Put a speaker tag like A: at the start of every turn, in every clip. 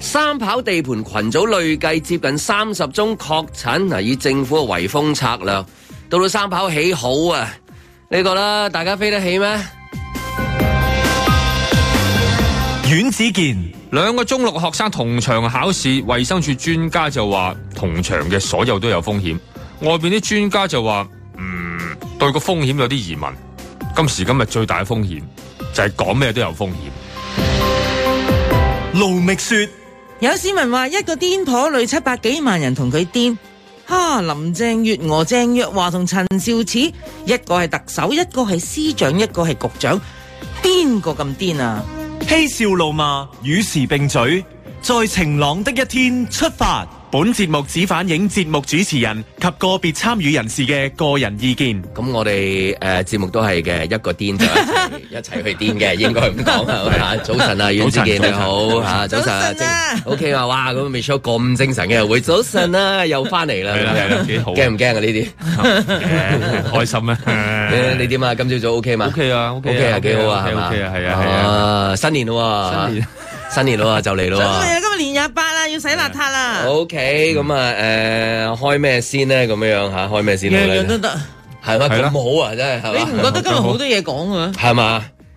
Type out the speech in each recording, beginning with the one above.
A: 三
B: 跑地盤群組累計接近三十宗確診，以政府嘅圍封策略，到到三跑起好啊！呢、這個啦，大家飛得起咩？
C: 阮子健，兩個中六學生同場考試，衛生署專家就話同場嘅所有都有風險，外邊啲專家就話，嗯，對個風險有啲疑問。今時今日最大嘅風險就係講咩都有風險。
A: 盧覓雪：
D: 有市民話一個癲婆累七百幾萬人同佢癲，哈、啊！林鄭月娥、鄭若驊同陳肇始，一個係特首，一個係司長，一個係局長，
B: 邊個咁癲啊？嬉笑怒罵，與時並舉，在晴朗的一天出發。本節目只反映節目主持人及個別參與人士嘅個人意見。咁我哋誒節目都係嘅一個癲就
A: 一齊去癲嘅，應該
B: 咁講係嘛？早晨啊，袁志健你好吓，早晨啊，精神啊，O K 啊，哇，咁未錯咁精神嘅會，早晨啊，又翻嚟啦，係啦，幾好，驚唔驚啊？呢啲
C: 開心咩？
B: 你點啊？今朝早 O K 嘛？O K 啊，O K 啊，幾好啊，係嘛？O K 啊，係啊，係啊，新年啦喎。新年咯啊，就嚟咯啊！今日今日年廿
D: 八啦，要洗邋遢啦。OK，咁
B: 啊，誒、嗯，開咩先呢？咁樣開咩先？樣樣都得，係咪？咁好啊，真係！Yeah. 你唔覺得今日好
D: 多嘢講啊？係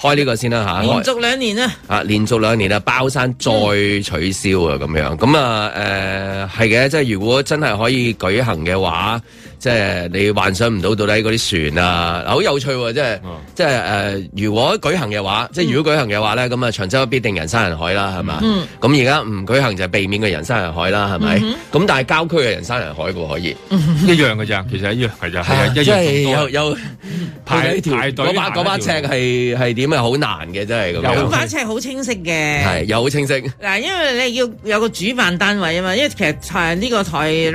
B: 開呢個先啦、啊、吓、啊啊，連續
D: 兩
B: 年啊啊連續兩年啊，包山再取消啊，咁、嗯、樣啊，咁啊誒係嘅，即係如果真係可以舉行嘅話。即係你幻想唔到到底嗰啲船啊，好有趣喎！即係即係誒，如果舉行嘅話，即係如果舉行嘅話咧，咁啊長洲必定人山人海啦，係嘛？咁而家唔舉行就避免嘅人山人海啦，係咪？咁但係郊區嘅人山人海嘅可以一樣嘅咋，其實一樣係一樣，因為有有排隊嗰把嗰把尺係係點啊？好難嘅真係咁，嗰把
D: 尺好清晰嘅，係又好清晰。嗱，因為你要有個主辦單位啊嘛，因為其實呢個台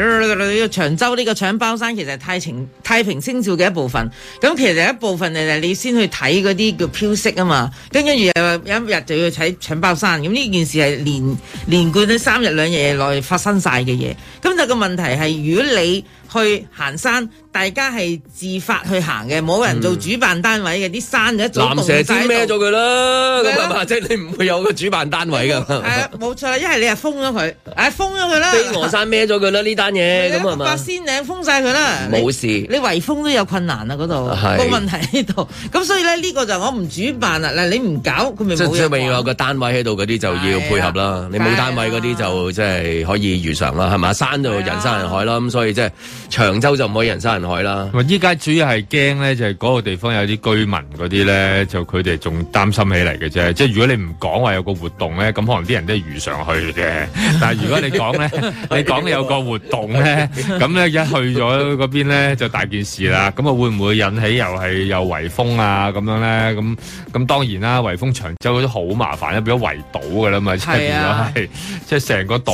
D: 長洲呢個搶包山。其實太晴太平清醮嘅一部分，咁其實一部分係你先去睇嗰啲叫飄色啊嘛，跟跟住又有一日就要睇搶包山，咁呢件事係連連貫咗三日兩夜內發生晒嘅嘢，咁、那、就個問題係如果你去行山。大家係自發去行嘅，冇人做主辦單位嘅啲山就一。藍蛇先孭咗佢
B: 啦，咁啊嘛，即係你唔會有個主辦單位嘅。係
D: 啊，冇錯，因為你係封咗佢，封咗佢啦。飛鵝山孭咗佢啦，呢單嘢咁係嘛。八仙嶺封晒佢啦，冇事。你圍封都有困難啊，嗰度個問題喺度。咁所以呢，呢個就我唔主辦啦。嗱，你唔搞佢咪冇。即係要
B: 有個單位喺度嗰啲就要配合啦。冇單位嗰啲就即係可以如常啦，係咪？山就人山人海咯，咁所以即係長洲就唔可以人
C: 山人海啦，依家主要係驚咧，就係嗰個地方有啲居民嗰啲咧，就佢哋仲擔心起嚟嘅啫。即係如果你唔講話有個活動咧，咁可能啲人都係愚上去嘅啫。但係如果你講咧，你講你有個活動咧，咁咧一去咗嗰邊咧，就大件事啦。咁啊會唔會引起又係有圍風啊咁樣咧？咁咁當然啦，圍風長洲嗰啲好麻煩，一變咗圍島噶啦嘛，即係變咗係即係成個島，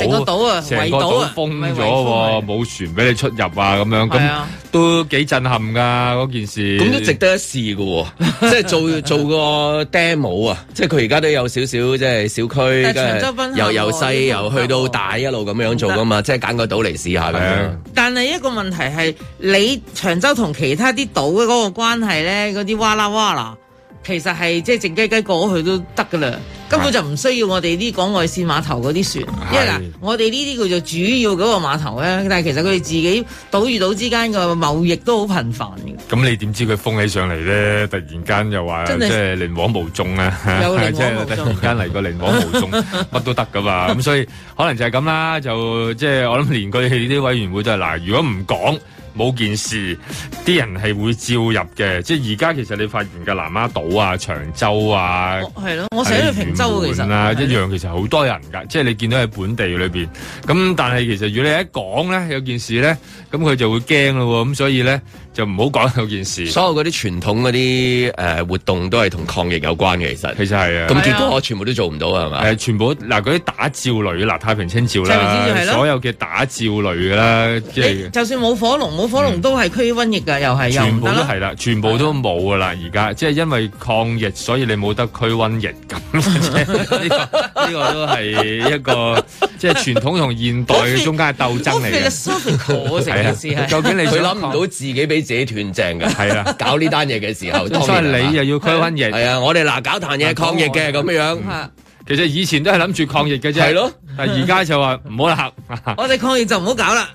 C: 成個島封咗，冇船俾你出入啊咁樣咁。都幾震撼噶嗰件事，咁都值得一試噶、啊， 即係做做個
B: demo 啊！即係佢而家都有少少即係小區嘅，長洲又由細由，由去到大一路咁樣做噶嘛，即係揀個島嚟試下咁、啊、樣。
D: 但係一個問題係，你長洲同其他啲島嘅嗰個關係咧，嗰啲哇啦哇啦。其實係即係靜雞雞過去都得噶啦，根本就唔需要我哋啲港外線碼頭嗰啲船，是因為嗱，是我哋呢啲叫做主要嗰個碼頭咧。但係其實佢哋自己島與島之間嘅貿易都好頻繁。
C: 咁你點知佢封起上嚟咧？突然間又話即係靈王無蹤啊！即係、啊、 突然間嚟個靈王無蹤，乜 都得噶嘛。咁所以可能就係咁啦。就即係、就是、我諗，連佢啲委員會都係嗱，如果唔講。冇件事，啲人係會照入嘅，即係而家其實你發現嘅南丫島啊、長洲啊，
A: 係咯，啊、我寫咗平
C: 洲其實，一樣其實好多人噶，的即係你見到喺本地裏邊，咁但係其實如果你一講咧，有件事咧，咁佢就會驚咯，咁所以咧。就唔好講有件事。所有嗰啲傳統嗰啲誒活動都係同抗疫有關嘅，其實其實係啊。咁結果我全部都做唔到啊，係嘛？全部嗱嗰啲打醮類嗱、啊、太平清醮啦，所有嘅打醮類啦，即、就、係、是欸、
D: 就算冇火龍，冇火龍都係驅瘟疫㗎、嗯，又係有全部都係
C: 啦，全部都冇㗎啦，而家即係因為抗疫，所以你冇得驅瘟疫咁。呢個呢、呢個都係一個。即係傳統同現代嘅中間係鬥爭嚟嘅，究竟你佢諗唔到自己俾自己斷正嘅，係啊！搞呢單
B: 嘢嘅時候，所以你又要區分係啊！我
C: 哋嗱搞談嘢抗疫嘅咁樣樣，其實以前都係諗住抗疫嘅啫，係咯。但而家就話唔好啦，我
D: 哋抗疫就唔好搞啦，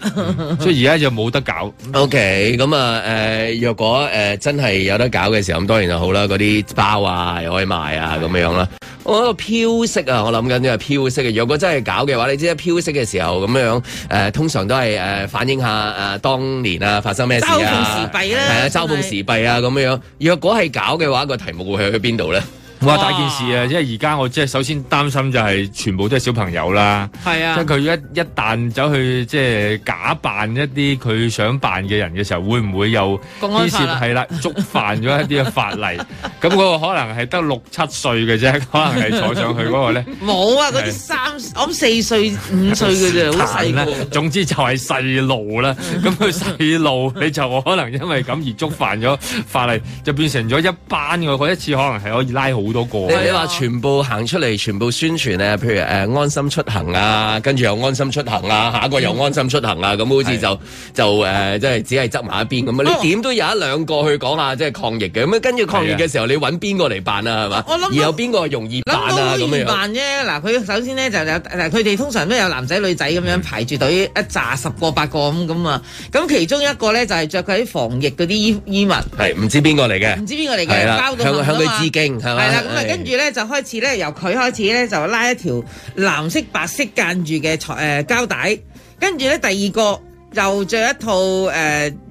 C: 所以而家就冇得搞。OK，
B: 咁啊誒，若果誒真係有得搞嘅時候，咁當然就好啦。嗰啲包啊，可以賣啊，咁樣樣啦。我個飄色啊，我諗緊呢個飄色嘅，若果真係搞嘅話，你知啦，飄色嘅時候咁樣，誒、呃、通常都係、呃、反映下誒、呃、當年啊發生咩事啊，係啊，
C: 嘲諷時弊啊咁的的、啊、樣，
B: 若果係搞嘅話，這個題目會去去邊度咧？
C: 我話大件事啊，即係而家我即係首先擔心就係全部都係小朋友啦，係啊，即係佢一一旦走去即係假扮一啲佢想扮嘅人嘅時候，會唔會又涉嫌係啦，觸犯咗一啲嘅法例？咁嗰 個可能係得六七歲嘅啫，可能係坐上去嗰個咧。冇啊，
D: 嗰啲三，是我諗四歲、五歲嘅啫，好細個。 呢小
C: 總之就係細路啦，咁佢細路，你就可能因為咁而觸犯咗法例，就變成咗一班嘅、那個。一次可能係可以拉
B: 好。你話全部行出嚟，全部宣傳，譬如誒安心出行啊，跟住又安心出行啊，下一個又安心出行啊，咁好似就就誒，即係只係執埋一邊咁啊！你點都有一兩個去講下，即係抗疫嘅咁跟住抗疫嘅時候，你搵邊個嚟辦啊？係嘛？我諗。有邊個容易辦啊？咁容易辦
D: 啫！嗱，佢首先呢，就佢哋通常都有男仔女仔咁樣排住隊一紮十個八個咁咁啊！咁其中一個咧就係著佢喺防疫嗰啲衣衣物，
B: 係唔知邊個嚟嘅，唔知邊個嚟嘅，向向佢致敬係咪？咁啊，跟
D: 住咧就開始咧，由佢開始咧就拉一條藍色白色間住嘅誒膠帶，跟住咧第二個又着一套誒誒、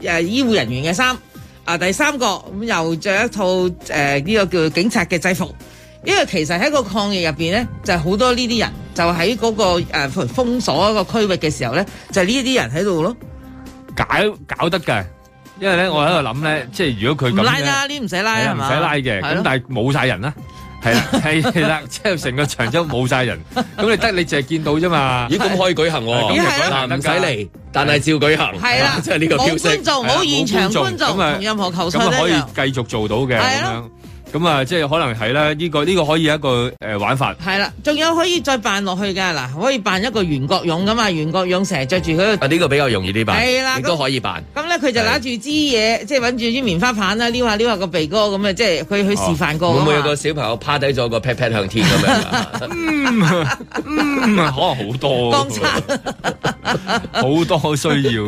D: 呃、醫護人員嘅衫，啊第三個咁又着一套誒呢、呃這個叫警察嘅制服。因為其實喺個抗疫入面咧，就係、是、好多呢啲人就喺嗰、那個封鎖一個區域嘅時候咧，就係呢、是、啲人喺度咯，
C: 搞搞得㗎。因為咧，我喺度諗咧，即係如果佢咁拉啦，呢唔
D: 使拉啊嘛，唔使拉嘅。咁但係
C: 冇晒人啦，係啦，係啦，即係成個長洲冇晒人，咁你得你淨係見到啫嘛。咦，咁可以舉行喎，咁就舉行，唔使嚟，但係照舉行。係啦，即係呢個標識。冇觀眾，冇現場觀眾，同任何球咁就可以繼續做到嘅。咁樣。咁啊、嗯，即係可能係啦，呢、這個呢、這個可以一個誒、呃、玩法。
D: 係啦，仲有可以再扮落去噶嗱，可以扮一個袁國勇噶嘛，袁國勇成日着住佢。啊，
B: 呢、這個比較容易啲扮，係啦，亦了都可以扮。咁咧、嗯，佢是、嗯、就拿住
D: 支嘢，即係搵住支棉花棒啦，撩下撩下個鼻哥，咁啊，即係佢去示範過。會唔會有，沒
B: 有個小朋友趴低咗個 pat pat 向天咁樣啊？ 嗯，嗯，可能好多，
C: 好產 多需要。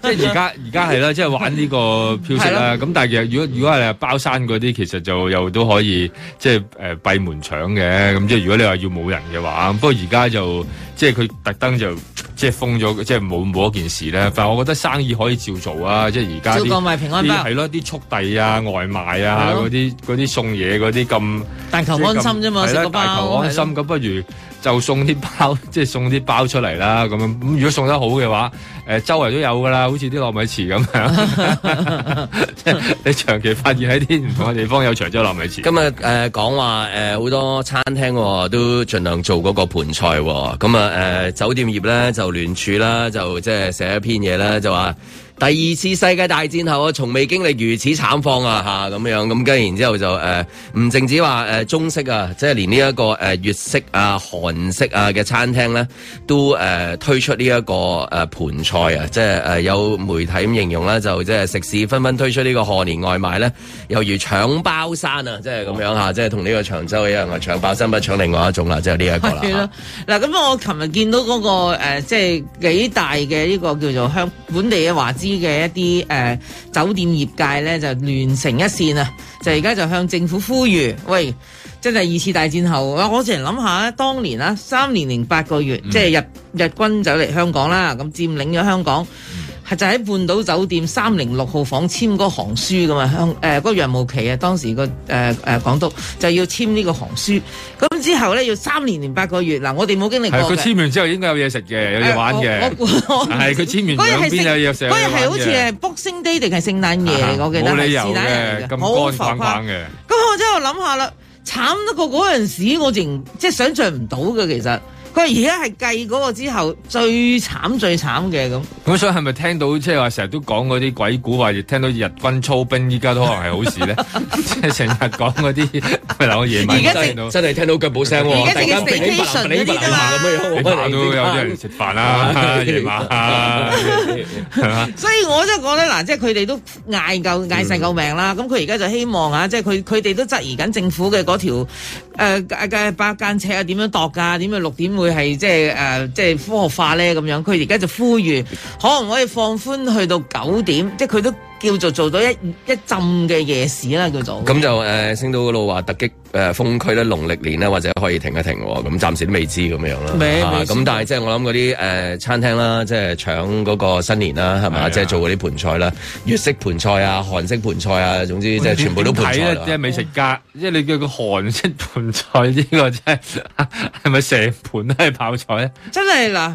D: 即係而家而家係
C: 啦，即係、就是、玩呢個漂色啦。咁 但係如果如果係包山嗰啲，其實就。又都可以即係誒閉門搶嘅，咁即係如果你話要冇人嘅話，不過而家就即係佢特登就即係封咗，即係冇冇一件事咧。但係我覺得生意可以照做啊，即係而家啲係咯，啲速遞啊、外賣啊嗰啲、嗰啲了送嘢嗰啲咁，但求了安心啫嘛，食個了包，但求安心咁了不如。就送啲包，即係送啲包出嚟啦。咁樣，咁如果送得好嘅話，誒周圍都有噶啦，好似啲糯米糍咁樣。 你長期發現喺啲唔同嘅地方有長洲糯米糍。今日誒
B: 講話好、呃、多餐廳都盡量做嗰個盤菜。咁、呃、啊酒店業咧就聯署啦，就即係寫一篇嘢啦，就話。第二次世界大戰後啊，從未經歷如此慘況啊！吓咁樣咁，跟然之後就誒唔淨止話誒中式啊，即係連呢、這、一個誒粵式啊、韓式啊嘅餐廳咧，都誒、呃、推出呢一個誒盤菜啊，即係誒有媒體咁形容啦，就即係食肆紛紛推出呢個賀年外賣咧，猶如搶包山啊！即係咁樣吓、哦啊，即係同呢個長洲一樣啊，搶包山不搶另外一種啦、啊、即係呢一個
D: 啦嗱，咁我琴日見到嗰個，誒即係幾大嘅呢個叫做香本地嘅華資啲嘅一啲誒、呃、酒店業界咧就連成一線啊！就而家就向政府呼籲，喂，真係二次大戰後，我我成日諗下咧，當年啊，三年零八個月，嗯、即係日日軍走嚟香港啦，咁佔領咗香港。係就喺半島酒店三零六號房簽嗰行書噶嘛。香誒嗰楊慕琦啊，當時個誒誒港督就要簽呢個行書，咁之後咧要三年零八個月。嗱，我哋冇經歷過嘅。佢簽
C: 完之後應該有嘢食嘅，有嘢玩嘅、呃。我係佢是簽完之日係有嘢食，嗰日係好似係
D: Boxing Day 定係聖誕夜、啊、我記得日。冇理由嘅，
B: 咁浮誇嘅。
D: 咁我之後諗下啦，慘得過嗰陣時，我淨即係想像唔到嘅，其實。佢而家係計嗰個之後最慘最慘嘅咁。
C: 咁所以係咪聽到即係話成日都講嗰啲鬼故話，亦聽到日軍操兵，依家都可能係好事咧？即係成日講嗰啲嗱，我
A: 夜晚真
C: 係聽到腳步聲
B: 喎、啊。而家整嘅 station，你立馬咁有啲人食飯啦，係嘛？
D: 所以我，我真係覺得嗱，即係佢哋都嗌夠嗌晒夠命啦。咁佢而家就希望啊，即係佢佢哋都質疑緊政府嘅嗰條誒、呃、八間車啊，點樣度㗎？點樣六點佢係即係誒，即係科學化咧。咁樣佢而家就呼籲，可唔可以放寬去到九點？即係佢都。叫做做到一一浸嘅夜市啦，叫做咁
B: 就誒升到嗰度話突擊誒封、呃、區咧，農曆年啦，或者可以停一停喎，咁、哦嗯、暫時都未知咁樣啦。咁，啊、但係即係我諗嗰啲誒餐廳啦，即係搶嗰個新年啦，係嘛？即係、啊、做嗰啲盤菜啦，粵式盤菜啊，韓式盤菜
C: 啊，總之即係全部都盤菜啦。睇、嗯、即係美食家，即係你叫佢韓式盤菜呢、呢個真係係咪成盤都係泡菜咧？
B: 真係嗱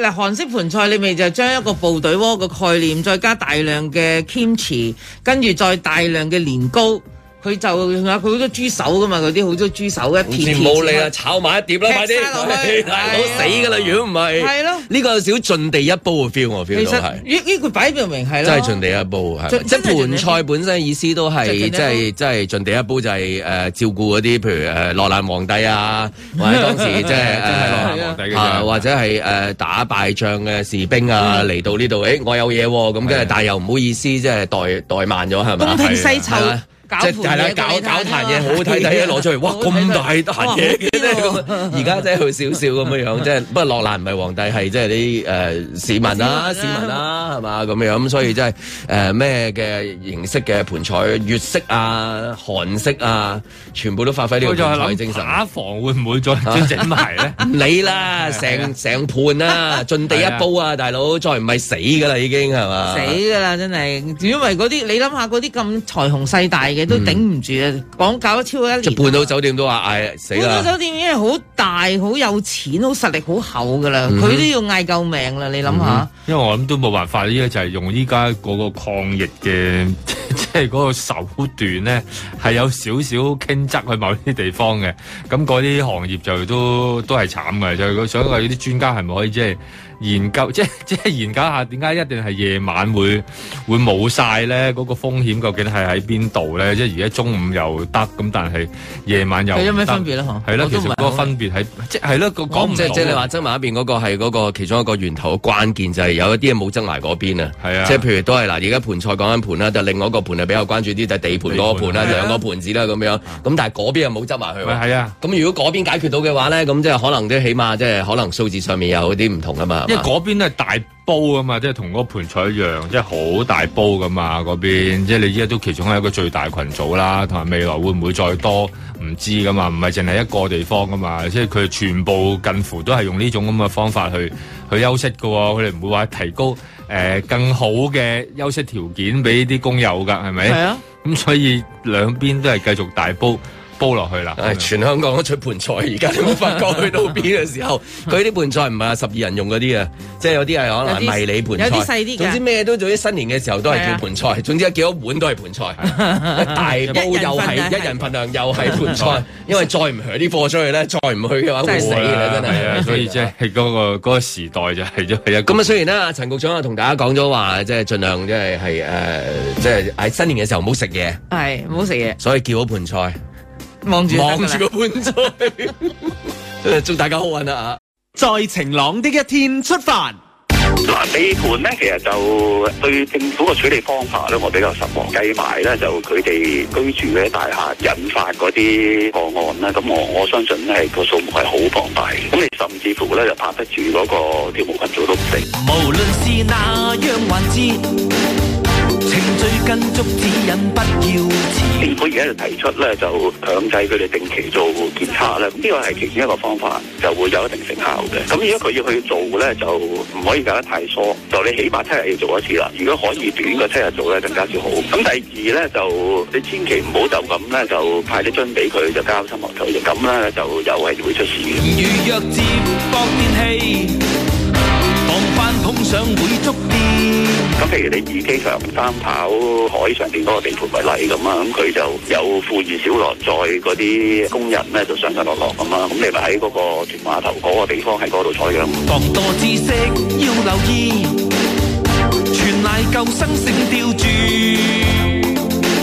D: 嗱韓式盤菜，你咪就將一個部隊鍋個概念，再加大量嘅。堅持，跟住再大量嘅年糕。佢就啊，佢好多豬手㗎嘛，嗰啲
B: 好多豬手一片片。冇利啊，炒埋一碟啦，快啲！大佬死㗎啦，如果唔係。係咯，呢個少盡地一煲嘅 feel 我 feel 到係。其
D: 實呢個擺明明係咯。即係盡
B: 地一煲即係盤菜本身意思都係即係即係盡地一煲，就係誒照顧嗰啲，譬如誒落難皇帝啊，或者當時即係誒或者係誒打敗仗嘅士兵啊嚟到呢度，誒我有嘢喎，咁跟住但又唔好意思，即係怠怠慢咗係咪？東拼西湊。即係啦，搞搞台嘢好睇睇攞出嚟，哇！咁大台嘢。嘅啫而家真係佢少少咁樣樣，即係不過落難唔係皇帝，係即係啲誒市民啦，市民啦，係嘛咁樣，所以即係誒咩嘅形式嘅盤彩，粵式啊、韓式啊，全部都發揮呢啲盤彩精神。打房會唔會再整埋咧？你啦，成成盤啦，盡地一煲啊，大佬，再唔係死㗎啦，已經係嘛？死
D: 㗎啦，真係，因為嗰啲你諗下嗰啲咁財雄勢大。都頂唔住啊！講、嗯、搞得超過一年，就
B: 半島酒
C: 店都話嗌、哎、死
B: 啦。半島酒
D: 店已經好大、好有錢、好實力、好厚噶啦，佢、嗯、哼都要嗌救命啦！你諗下、
C: 嗯，因為我諗都冇辦法，呢啲就係、是、用依家嗰個抗疫嘅，即係嗰個手段咧，係有少少傾側去某啲地方嘅。咁嗰啲行業就都都係慘嘅。就係佢想話呢啲專家係咪可以即係？研究即係即係研究下點解一定係夜晚會會冇晒咧？嗰個風險究竟係喺邊度咧？即係而家中午又得咁，但係夜晚又係有咩分別呢？係啦的，我也 其實個分別喺即係係咯，講唔即係即係你話執埋一邊嗰個係嗰
B: 個其中一個源頭嘅關鍵，就係有一啲嘢冇執埋嗰邊啊。係啊，即係譬如都係嗱，而家盤菜講緊盤啦，就另外一個盤係比較關注啲，就係地盤嗰個盤啦，盤啊、兩個盤子啦咁樣。咁但係嗰邊又冇執埋佢。咪係啊？咁如果嗰邊解決到嘅話咧，咁即係可能都起碼即係可能數字上面有啲唔同啊嘛。因為嗰
C: 邊都係大煲啊嘛，即係同嗰盆菜一樣，即係好大煲噶嘛。嗰邊即係你依家都其中係一個最大群組啦，同埋未來會唔會再多唔知噶嘛？唔係淨係一個地方噶嘛，即係佢全部近乎都係用呢種咁嘅方法去去休息噶喎。佢哋唔會話提高誒、呃、更好嘅休息條件俾啲工友噶，係咪？係啊。咁所以兩邊都係繼續大煲。煲落去啦！全香港都出盆菜，而家你冇發覺去到邊嘅時候，佢啲盆菜唔係啊十二人
B: 用嗰啲啊，即係有啲係可能迷你盆菜，有啲細啲。總之咩都總之新年嘅時候都係叫盆菜，總之叫多碗都係盆菜，大煲又係一人份量又係盆菜，因為再唔去啲貨出去咧，再唔去嘅話都會死啦！真係，所以即
C: 係嗰個嗰個
B: 時代就係咁啊。雖然啦，陳局長啊同大家講咗話，即係盡量即係係誒，即係喺新年嘅時候唔好食嘢，係唔
D: 好食嘢，
B: 所以叫好盆菜。
D: 望住個
B: 棺材，祝大家好運啊！在晴朗的一天出發。
E: 嗱，地盤咧，其實就對政府嘅處理方法咧，我比較失望。計埋咧就佢哋居住嘅大廈引發嗰啲個案咧，咁我我相信咧個數目係好龐大嘅。咁你甚至乎咧就拍得住嗰個跳舞群組都唔定。
A: 無論是哪樣
E: 政府而家就提出咧，就強制佢哋定期做檢測啦。呢個係其中一個方法，就會有一定成效嘅。咁如果佢要去做咧，就唔可以搞得太疏。就你起碼七日要做一次啦。如果可以短過七日做咧，更加之好。咁第二咧，就你千祈唔好就咁咧，就派啲樽俾佢就交深喉唾液，咁咧就又係會出事嘅。如若自滅放電器，撞翻碰上會觸電。咁譬如你以機場三跑海上邊嗰個地盤為例咁啊，咁佢就有富裕小攞在嗰啲工人咧，就上上落落咁啊。咁你咪喺嗰個躉船碼頭嗰個地方喺嗰度採樣。咁多
D: 知識要留意，全賴救生繩吊住。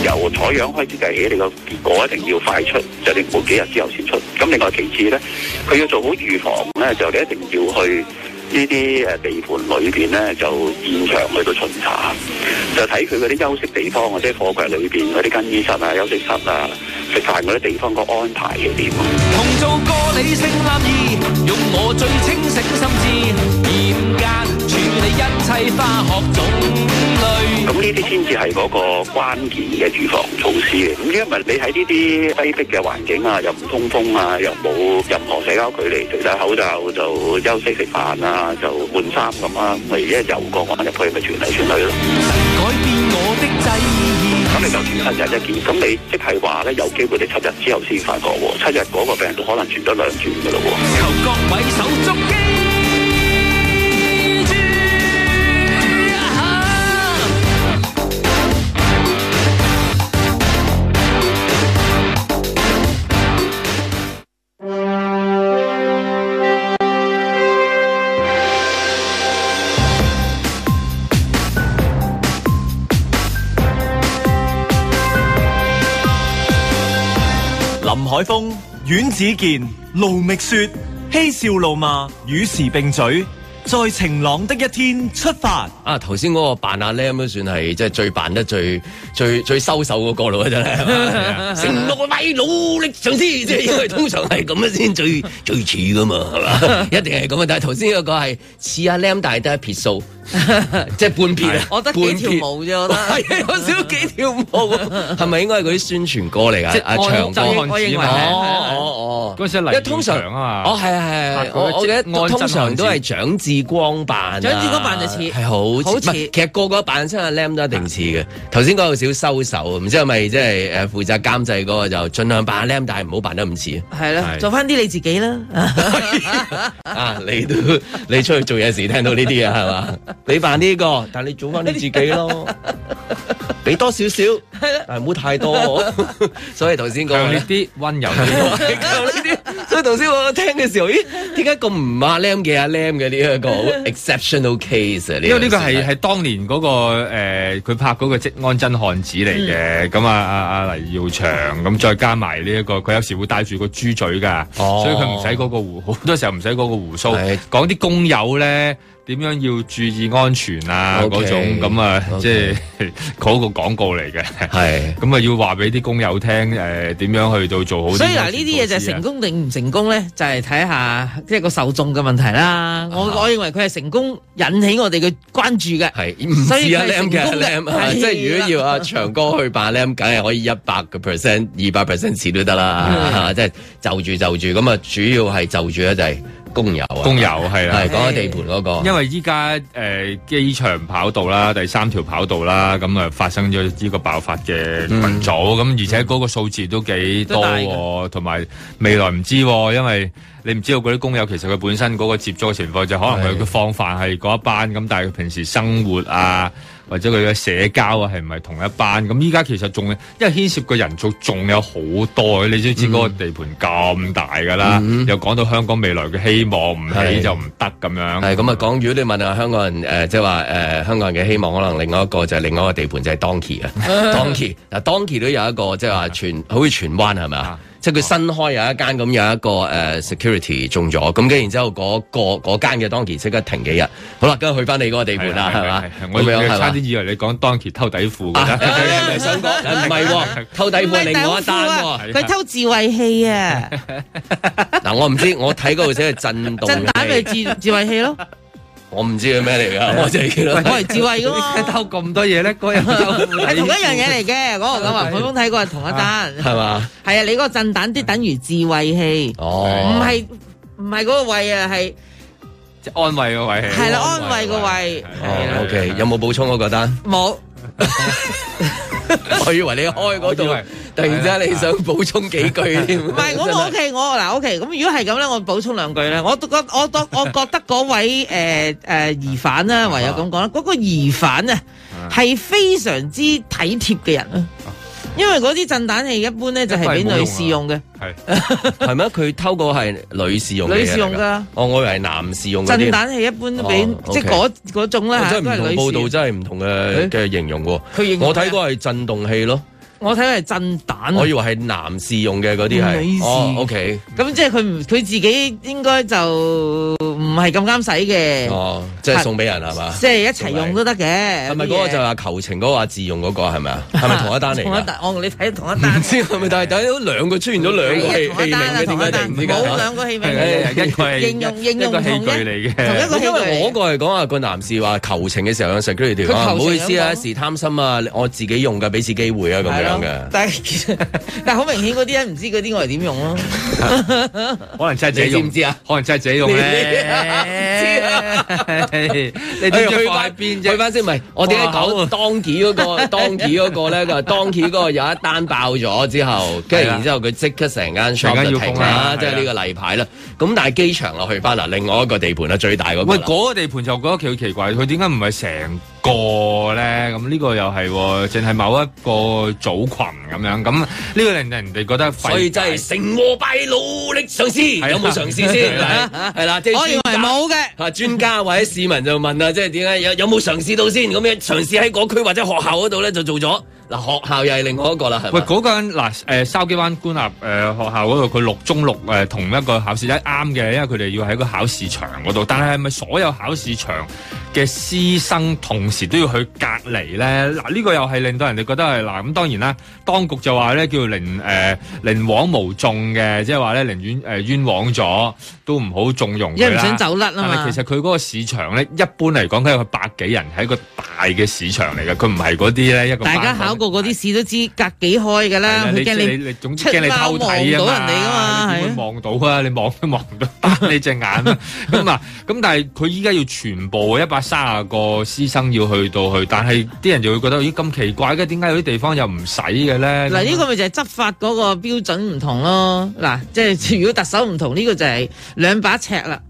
E: 由採樣開始計起，你個結果一定要快出，就係你每幾日之後先出。咁另外其次咧，佢要做好預防咧，就你一定要去。呢啲地盤裏面呢，就現場去到巡查，就睇佢嗰啲休息地方，或者貨櫃裏面嗰啲更衣室啊、休息室啊，食飯嗰啲地方個安排係點。
B: 同做個理性立意，用我最清醒心智嚴格。
E: 咁呢啲先至係嗰個關鍵嘅預防措施嘅，咁因為你喺呢啲低逼嘅環境啊，又唔通風啊，又冇任何社交距離，除咗口罩就休息食飯啊，就換衫咁啊，咪一遊個案入去咪傳嚟傳去咯。
A: 咁
E: 你就七日一檢，咁你即係話咧有機會你七日之後先發覺喎，七日嗰個病人都可能傳得兩轉噶咯喎。
B: 子健、盧覓雪、嬉笑怒罵與時並嘴，在晴朗的一天出發。啊，頭先嗰個扮阿 Lam 都算係即係最扮得最最最收手嗰個咯，真係。成六
E: 米努力上先即
B: 係因為通常係咁樣先最 最似噶嘛，係嘛？一定係咁啊！但係頭先嗰個係似阿 Lam，但係得一撇數。即係半片，我得幾條毛啫，我係我少幾條毛。係咪應該係嗰啲宣傳歌嚟噶？阿係長子，我認為哦哦哦，嗰隻黎，因為通常啊，哦係係，我我通常都係蔣志光扮，蔣志光扮就似，係好似。唔係，其實個個扮親阿 Lam 都一定似嘅。頭先嗰個少收手，唔知係咪即係誒負責監製嗰個就盡量扮阿 Lam，但係唔好扮得咁似。係咯，做
D: 翻啲你自己啦。
B: 啊，你都你出去做嘢時聽到呢啲啊，係嘛？你扮呢個，但係你做翻你自己咯，俾多少少，但係唔好太多。所以頭先講，強啲温柔啲。所以頭先我聽嘅時候，咦，點解咁唔阿 Lam 嘅阿 Lam 嘅呢一個 exceptional case？因為呢個係係
C: 當年嗰個誒，佢拍嗰個職安真漢子嚟嘅。咁啊啊啊黎耀祥，咁再加埋呢一個，佢有時會戴住個豬嘴噶，所以佢唔使嗰個胡，好多時候唔使嗰個胡鬚。講啲工友咧。點樣要注意安全啊？嗰種咁啊，即係嗰個廣告嚟嘅。係咁啊，要話俾啲工友聽誒，點樣去到做好。所以嗱，呢
A: 啲
D: 嘢就係成功定唔成功咧，就係睇下即係個受眾嘅問題啦。我我認為佢係成功引起我哋嘅關注嘅。係唔止啊！成功啊！即係如果要
B: 阿長哥去扮靚梗係可以一百個 percent、二百 percent 錢都得啦。即係就住就住，咁啊，主要係就住啊，就係。工友，公啊，工友係啦，係講起地盤嗰、那個，因為
C: 依家誒機場跑道啦，第三條跑道啦，咁啊發生咗呢個爆發嘅群組，咁、嗯、而且嗰個數字都幾多、啊，同埋未來唔知、啊，因為你唔知道嗰啲工友其實佢本身嗰個接觸情況，就可能佢放飯係嗰一班，咁唉但係佢平時生活啊。嗯或者佢嘅社交啊，係唔係同一班？咁依家其實仲因為牽涉嘅人數，仲有好多你知唔知嗰個地盤咁大㗎啦？嗯、又講到香港未來嘅希望，唔起就唔得咁樣。係咁啊，
B: 講。如果你問下香港人即係話誒，香港人嘅希望，可能另外一個就係另外一個地盤，就係、是、Don Donkey 啊。Donkey 嗱，Donkey 都有一個即係話荃，好似荃灣係咪啊？即係佢新開有一間，咁有一個誒 security 中咗，咁跟然之後嗰個間嘅當期即刻停幾日。好啦，跟住去翻你嗰個地盤啦，係嘛？我差
C: 啲以為你講當期偷底褲㗎，想講唔係喎，
B: 偷底褲另外一單喎，佢偷
D: 自衛器啊！
B: 嗱，我唔知，我睇嗰度寫係震動，震蛋咪自自衛器咯。我唔知佢咩嚟噶，我真係叫佢。唔係智慧
D: 噶
C: 嘛，偷咁多嘢咧，哥，係同一樣嘢嚟嘅。我同佢話，佢
D: 都睇過同一單，係嘛？係啊，你嗰個震蛋啲等於自
B: 慰器。哦，唔
D: 係唔係嗰個慰啊，係
B: 即係安慰個慰，係啦，安慰個慰。OK，有冇補充嗰個單？冇。 我以為你開嗰度，突然之間你想補充幾句添？唔係 的，我我
D: OK，我嗱 OK。咁如果係咁咧，我補充兩句咧。我都覺、OK, 我 OK, 我我覺得嗰位誒誒、呃呃、疑犯啦，唯有咁講啦。嗰、嗰個疑犯啊，係非常之體貼嘅人啊。因為嗰啲震蛋器一般咧就係俾女士用嘅、啊
B: 係係咩？佢偷過係女士用的的，嘅？女士用噶，啊。哦，我以為係男士用。嘅。震蛋器一般都俾、哦 okay，即係嗰
D: 嗰種啦，啊，都係女士用。啊，不同報道
B: 真係唔同嘅嘅形容噶。容我睇過係震動器咯。我睇係震蛋，我以為係男士用嘅嗰啲係，哦，OK，
D: 咁即係佢佢自己應該就唔係咁啱使嘅，哦，即係送俾人係嘛，即係一齊用都得嘅，係咪嗰個就話
B: 求情嗰個話自用嗰個係咪啊？係咪同一單嚟？同一
D: 單，我同你睇同
B: 一單先係咪？但係等下兩個出現咗兩個氣氣味，同一單冇兩個氣味，一個係，一個係器具嚟嘅，因為我個係講話個男士話求情嘅時候嘅 security 啊，唔好意思啊，一時貪心啊，我自己用嘅，俾次機會啊咁樣。
D: 但係但係好明顯嗰啲人唔知嗰啲，我哋點用咯，
B: 可能真係自己用唔知啊，可能真係自己用咧。你最快翻邊？去翻先，唔係我點解講 Donkey 嗰個 Donkey 個咧？就 Donkey 嗰個有一單爆咗之後，跟住然之後佢即刻成間商都停咗，即係呢個例牌啦。
C: 咁但係機場
B: 落去翻嗱，另外一個地盤係最大嗰個。喂，個
C: 地盤就我覺得奇奇怪，佢點解唔係成？個咧咁呢、這個又係淨係某一個組群咁樣，咁呢、這個令人人哋覺得，所以真係成和敗
B: 努力嘗試，啊、有冇嘗試先？係啦，即係、啊就是、我認為冇嘅。
C: 吓專、啊、家或
B: 者市民就問啦、啊，即係點解有有冇嘗試到先？咁樣嘗試喺嗰區或者學校嗰度咧就做咗。嗱，學校又係另外一個啦，係嘛？喂，
C: 嗰間嗱，誒筲箕灣官立誒學校嗰度，佢六中六誒、呃、同一個考試一啱嘅，因為佢哋要喺個考試場嗰度。但係係咪所有考試場嘅師生同時都要去隔離咧？嗱、呃，呢、呢個又係令到人哋覺得係嗱。咁、呃、當然啦，當局就話咧叫寧誒寧枉毋縱嘅，即係話咧寧願誒冤枉咗都唔好縱容佢啦。因為唔想走甩啦嘛。其實佢嗰個市場咧，一般嚟講，佢有百幾人，係一個大嘅市場嚟嘅。佢唔係嗰啲咧，一個大家考。
D: 個嗰啲市都知隔幾開噶啦，總之驚的你偷睇口望到人哋噶嘛，係
C: 望的到啊，你望都望唔到， 你隻眼啊嘛。咁、嗯 嗯、但係佢依家要全部一百三十個師生要去到去，但係啲人就會覺得咦咁奇怪嘅，點解有啲地方又唔使嘅咧？嗱，呢
D: 個咪就係執法嗰個標準唔同咯。嗱，即係如果特首唔同，呢、呢個就係兩把尺啦。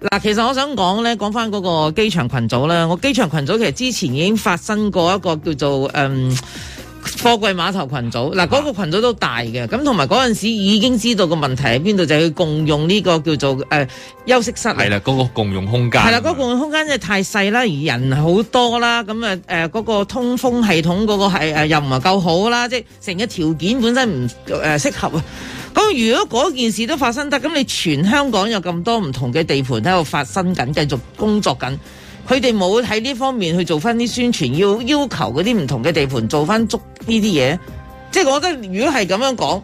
D: 嗱，其實我想講咧，講翻嗰個機場群組啦。我機場群組其實之前已經發生過一個叫做誒、嗯、貨櫃碼頭群組。嗱、嗯，嗰個群組都大嘅，咁同埋嗰陣時已經知道個問題喺邊度，就係、是、佢共用呢個叫做誒、呃、休息室。係
C: 啦，嗰、那個共用空間。係啦，
D: 嗰、那個共用空間即係太細啦，而人好多啦，咁啊嗰個通風系統嗰個係、呃、又唔係夠好啦，即係成個條件本身唔誒、呃、適合啊。咁如果嗰件事都發生得，咁你全香港有咁多唔同嘅地盤喺度發生緊，繼續工作緊，佢哋冇喺呢方面去做翻啲宣傳，要，要求嗰啲唔同嘅地盤做翻足呢啲嘢，即係我覺得如果係咁樣講。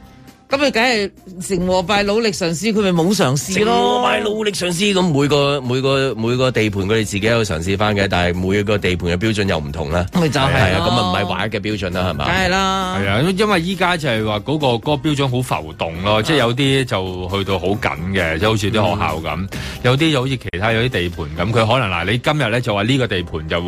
D: 咁佢梗係成和拜努力嘗試，佢咪冇嘗試
B: 咯？成和拜努力嘗試，咁每個每個每個地盤佢哋自己有嘗試翻嘅，但係每個地盤嘅標準又唔同啦。咁咪就係，係啊，咁咪唔係唯一嘅標準
C: 啦，係咪？梗係啦，係啊，因為依家就係話嗰個嗰、嗰個標準好浮動咯，即係有啲就去到好緊嘅，即係好似啲學校咁、嗯，有啲又好似其他有啲地盤咁，佢可能嗱，你今日咧就話呢個地盤就誒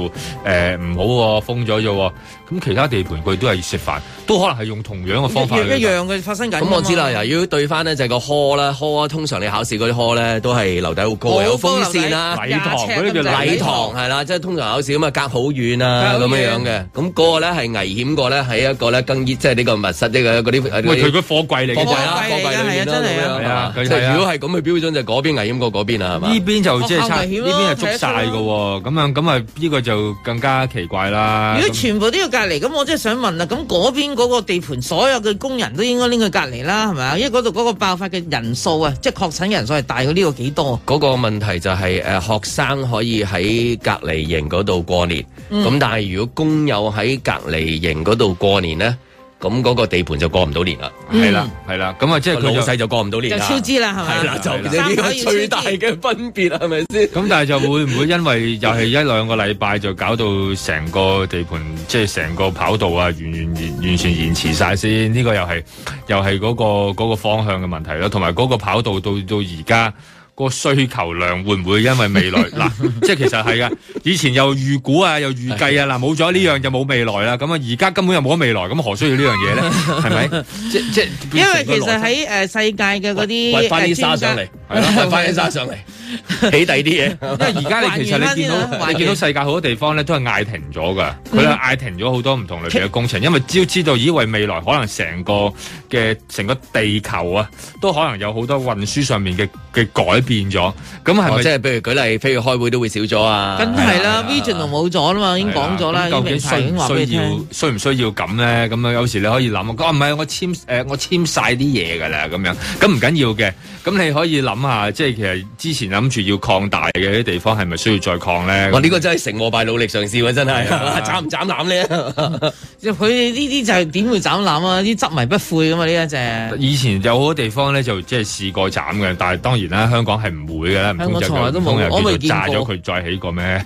C: 唔好封咗喎。咁其他地盤佢都係食飯，
B: 都可能係用同樣嘅方法。一樣一樣嘅發生緊。咁我知啦，如果對翻呢，就係個 hall 啦，hall 通常你考試嗰啲 hall 咧都係樓底好高，有風扇啦，禮堂嗰啲叫禮堂係啦，即係通常考試咁啊隔好遠啊咁樣樣嘅，咁嗰個咧係危險過咧喺一個咧更熱，即係呢個密室呢個嗰啲。喂，佢個貨櫃嚟嘅。貨櫃啦，貨櫃裏面咯咁
C: 樣啊。即係如果係咁嘅標準，就嗰邊危險過嗰邊啊，係嘛？呢邊就即係差，呢邊係捉晒嘅喎。咁樣咁啊呢個就更加奇怪啦。如果
D: 全部都要。隔離咁，我真係想問啦，咁嗰邊嗰個地盤所有嘅工人都應該拎去隔離啦，係咪啊？因為嗰度嗰個爆發嘅
B: 人數啊，即係確診人數係大過呢個幾多？嗰個問題就係、是、誒，學生可以喺隔離營嗰度過年，咁、嗯、但係如果工友喺隔離營嗰度過年咧？咁嗰個地盤就過唔到年啦，係啦、嗯，係啦，咁啊，即係佢老細就過唔到年啦，就了了超支啦，係咪？係啦，就呢個最大
C: 嘅分別係咪先？咁 但係就會唔會因為又係一兩個禮拜就搞到成個地盤，即係成個跑道啊，完完完，完，完，完全延遲晒先？呢、這個又係又係嗰、那個嗰、那個、方向嘅問題囉，同埋嗰個跑道到到而家。個需求量會唔會因為未來嗱，即係其實係㗎，以前又預估啊，又預計啊，嗱，冇咗呢樣就冇未來啦，咁啊，而家根本又冇咗未來，咁何需要呢樣嘢咧？係咪？即即因為其實喺誒
D: 世界嘅嗰啲，喂啲沙上嚟，係咯，喂翻啲沙
C: 上嚟。起底啲嘢， 因為而家你其實你見到你見到世界好多地方咧，都係嗌停咗噶佢係嗌停咗好多唔同類別嘅工程， 因為只要知道，以為未來可能成個嘅成個地球啊，都可能有好多運輸上面嘅嘅改變咗。咁係咪即係譬如舉例，飛去開會都會少咗啊？梗係啦
D: ，Vision 同冇咗啦嘛，已經講咗啦。啊、究竟需要，需要？
C: 需唔需要咁咧？咁樣有時你可以諗啊，唔係我簽誒，我簽晒啲嘢噶啦，咁、呃、樣咁唔緊要嘅。咁你可以諗下，即係其實之前。諗住要擴大嘅啲地方，係咪需要再擴咧？我呢個真係成我敗努力嘗試，真係斬唔斬欖
B: 咧？
D: 佢哋呢啲就係點會斬欖啊？啲執迷不悔噶嘛？呢一隻
C: 以前有好多地方咧，就即係試過斬嘅，但係當然啦，香港係唔會嘅。香港從來都冇人會，我未炸咗佢再起過咩？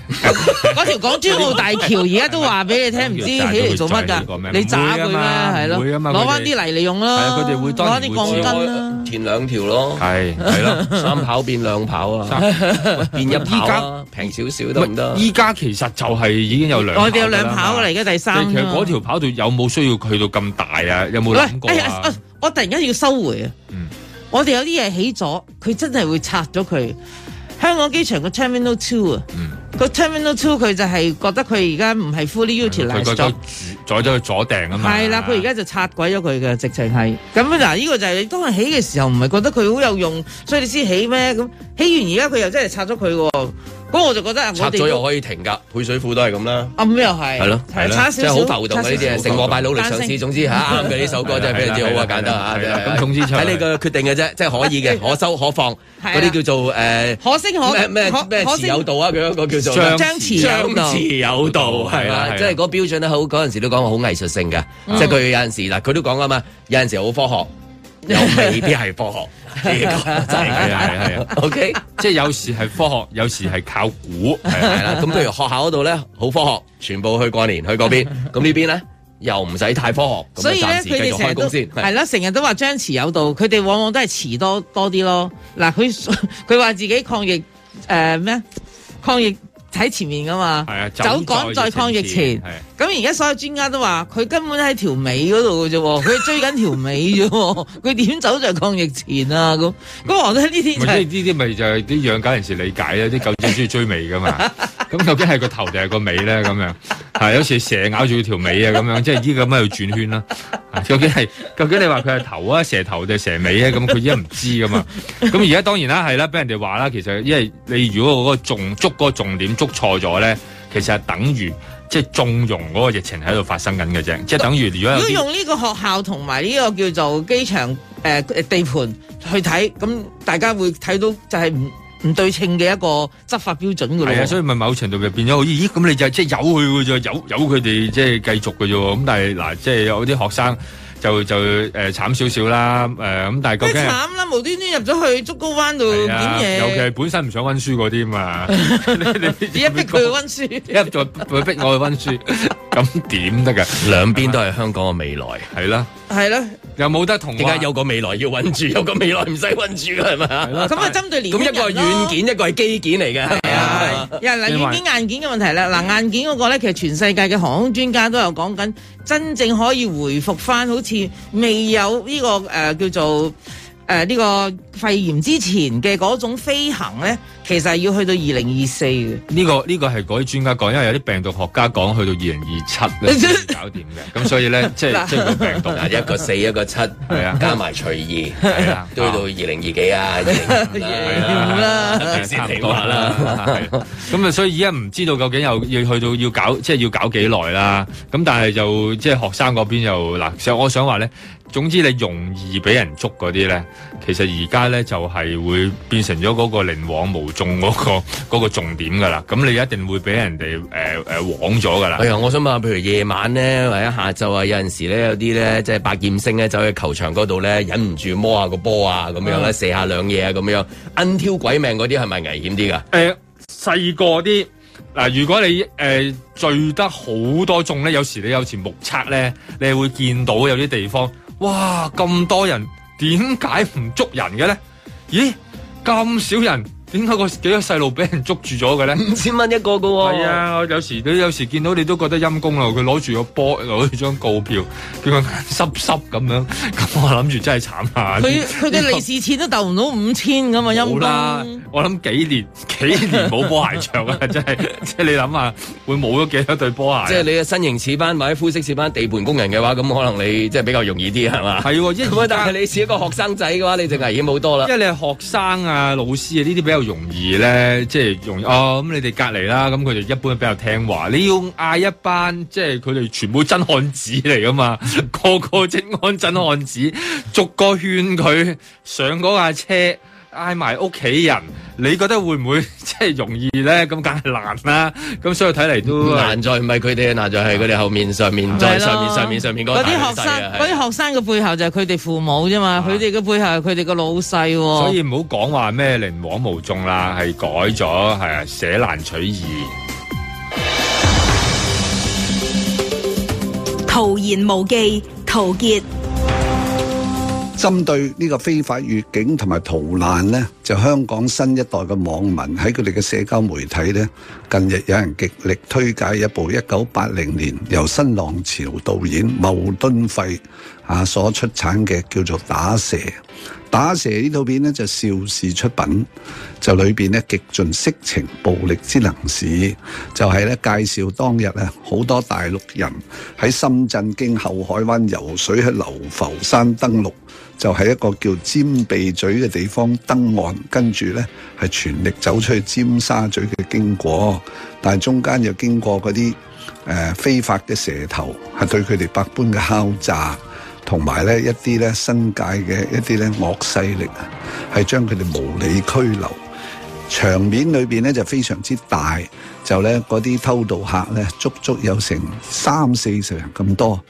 D: 嗰條港珠澳大橋而家都話俾你聽，唔知起嚟做乜噶？你炸佢啦，係咯？攞翻啲泥嚟用啦，攞啲鋼筋
B: 變兩條
C: 咯，係係咯， 三跑變兩跑啊，變一跑平少少得唔得？依家在其實就係已經有兩，我哋有兩跑嚟嘅吧
D: 而家第三、啊。其實嗰
C: 條跑道有冇需要去到咁大啊？有冇諗過、啊哎哎、我，
D: 我突然間要收回啊！嗯、我哋有啲嘢起咗，佢真係會拆咗佢。香港機場個 Terminal Two 啊。嗯個 terminal two 佢就係覺得佢而家唔係 fully utilised 佢覺
C: 得咗去阻定啊嘛。係啦，佢而
D: 家就拆鬼咗佢嘅，直情係。咁嗱，呢個就係當佢起嘅時候，唔係覺得佢好有用，所以你先起咩？咁起完而家佢又真係拆咗佢喎。咁我就覺得拆咗又可
B: 以停㗎，配水庫都係咁啦。咁又係係咯，即係好浮動嘅呢啲，成和敗佬嚟嘗試。總之嚇啱嘅呢首歌真係非常之好啊，簡單啊，咁總之喺你個決定嘅啫，即係可以嘅，可收可放嗰啲叫做誒可升可咩咩持有度啊，佢張弛有道，即係嗰個標準都好。嗰陣時都講話好藝術性嘅，即係佢有陣時嗱，佢都講啊嘛。有陣時好科學，又未必係科學，啊。O K，即係有時係科學，有時係靠估係啦。咁譬如學校嗰度咧，好科學，全部去過年去嗰邊。咁呢邊咧又唔使太科學，所以暫時繼續翻工啦，
D: 佢哋成日都話張弛有道，佢哋往往都係遲多多啲咯。嗱，佢佢話自己抗疫誒咩？抗疫。喺前面㗎嘛，的走趕在疫情疫情前。咁而家所有專家都話，佢根本喺條尾嗰度嘅啫，佢追緊條尾啫，佢點 走在抗疫前啊？咁咁我覺得呢
C: 啲，呢啲咪就係啲養狗人士理解啦，啲狗最中意追尾噶嘛，咁究竟係個頭定係個尾咧？咁樣係 有時蛇咬住條尾啊，咁樣即係啲咁樣要轉圈啦。 究竟係究竟你話佢係頭啊，蛇頭定蛇尾啊？咁佢依家唔知噶嘛？咁而家當然啦，係啦，俾人哋話啦，其實因為你如果我個重捉嗰個重點捉錯咗咧，其實係等於。即係縱容嗰個疫情喺度發生緊嘅啫，即係等於如果如果用
D: 呢個學校同埋呢個叫做機場誒誒、呃、地盤去睇，咁大家會睇到就係唔唔對稱嘅一個執法標準嘅。係啊，所以咪
C: 某程度入面變咗，咦咁你就即係由佢嘅咋，由由佢哋即係繼續嘅啫。咁但係嗱，即係、就是、有啲學生。就就誒慘少少啦，誒，咁但係究竟慘
D: 啦，無端端入咗去竹篙灣度搵嘢，尤其係
C: 本身唔想溫書嗰啲嘛，你你一逼佢去
B: 溫書，一
C: 再佢逼我去溫書，咁點得噶？兩邊都係
B: 香港嘅未來，係啦。係啦，是啊、又冇得同，點解有個未來要穩住，有個未來唔使穩住㗎，係咪？係啦，咁啊針、啊啊、對年，咁一個係軟件，一個係基件嚟嘅。係啊。又嗱，軟件
D: 硬件嘅問題呢，嗱硬件嗰個咧，其實全世界嘅航空專家都有講緊，真正可以回復翻，好似未有呢、這個誒、呃、叫做。誒，呢個肺炎之前嘅嗰種飛行咧，其實要去到二零二四嘅。
C: 呢個呢個係嗰啲專家講，因為有啲病毒學家講去到二零二七搞掂嘅。咁所以咧，
B: 即
E: 係即係個病毒。一
C: 個四，一個七，係啊，加埋除二，係去到二零
B: 二幾啊？咁啦，先講下啦。
C: 咁啊，所以而家唔知道究竟又要去到要搞，即係要搞幾耐啦。咁但係就即係學生嗰邊又嗱，我想話咧。總之你容易俾人捉嗰啲咧，其實而家咧就係會變成咗嗰個靈往無中嗰、嗰個嗰、嗰個重點噶啦。咁你一定會俾人哋誒誒往咗噶啦。係、呃、啊、呃哎，我想問下，譬如夜晚咧，或者下晝啊，有
B: 陣時咧，有啲咧即係白劍星咧，走去球場嗰度咧，忍唔住摸下個波啊，咁樣咧，嗯、
C: 射下兩嘢啊，咁樣，un 挑鬼命嗰啲係咪危險啲噶？誒、呃，細個啲嗱，如果你誒聚、呃、得好多眾咧，有時你有時目測咧，你會見到有啲地方。哇！咁多人點解唔捉人嘅咧？咦？咁少人。點解個幾多細路俾人捉住咗嘅咧？五千蚊一個嘅喎、啊。係啊，有時你有時見到你都覺得陰公咯。佢攞住個波，攞住張告票，叫佢個眼濕濕咁樣。咁我諗住真係慘下。佢佢嘅利
D: 是錢都鬥唔到五千咁啊陰公。好啦，
C: 我諗幾年 幾
B: 年冇波鞋
C: 着啊，真
B: 係即係你諗下會冇咗幾多對波鞋、啊。即係你嘅身形似班或者膚色似班地盤工人嘅
C: 話，咁可能你即係、就是、比較容易啲係嘛？係，
B: 咁啊因為但係你是一個學生仔嘅話，你就危險好多啦。因為你
C: 係學生啊，老師啊呢啲比較。容易咧，即係容易哦！咁你哋隔離啦，咁佢哋一般比較聽話。你要嗌一班，即係佢哋全部真漢子嚟㗎嘛，個個正漢真漢子，逐個勸佢上嗰架車。嗌埋屋企人，你覺得會唔會即係容易咧？咁梗係難啦，啊。咁所以睇嚟都難在唔係佢哋，難在係佢哋後面上面，
B: 在上面，上面上面上面上嗰啲學生。
D: 嗰啲的學生嘅背後就係佢哋父母啫嘛，佢哋嘅背後係佢哋嘅老細，哦。所以
C: 唔好講話咩靈網無蹤啦，係改咗係捨難取易徒
F: 言無忌陶傑。
G: 針對呢個非法越境同埋逃難呢，就香港新一代嘅網民喺佢哋嘅社交媒體呢，近日有人極力推介一部一九八零年由新浪潮導演牟敦芾啊所出產嘅叫做《打蛇》。《打蛇》呢套片呢，就邵氏出品，就裏面呢極盡色情暴力之能事，就係、是、咧介紹當日呢好多大陸人喺深圳經後海灣游水喺流浮山登陸就喺一個叫尖鼻咀嘅地方登岸，跟住呢係全力走出去尖沙咀嘅經過，但係中間又經過嗰啲誒非法嘅蛇頭，係對佢哋百般嘅敲詐，同埋呢一啲呢新界嘅一啲呢惡勢力啊，係將佢哋無理拘留。場面裏面呢就非常之大，就呢嗰啲偷渡客呢，足足有成三四十人咁多。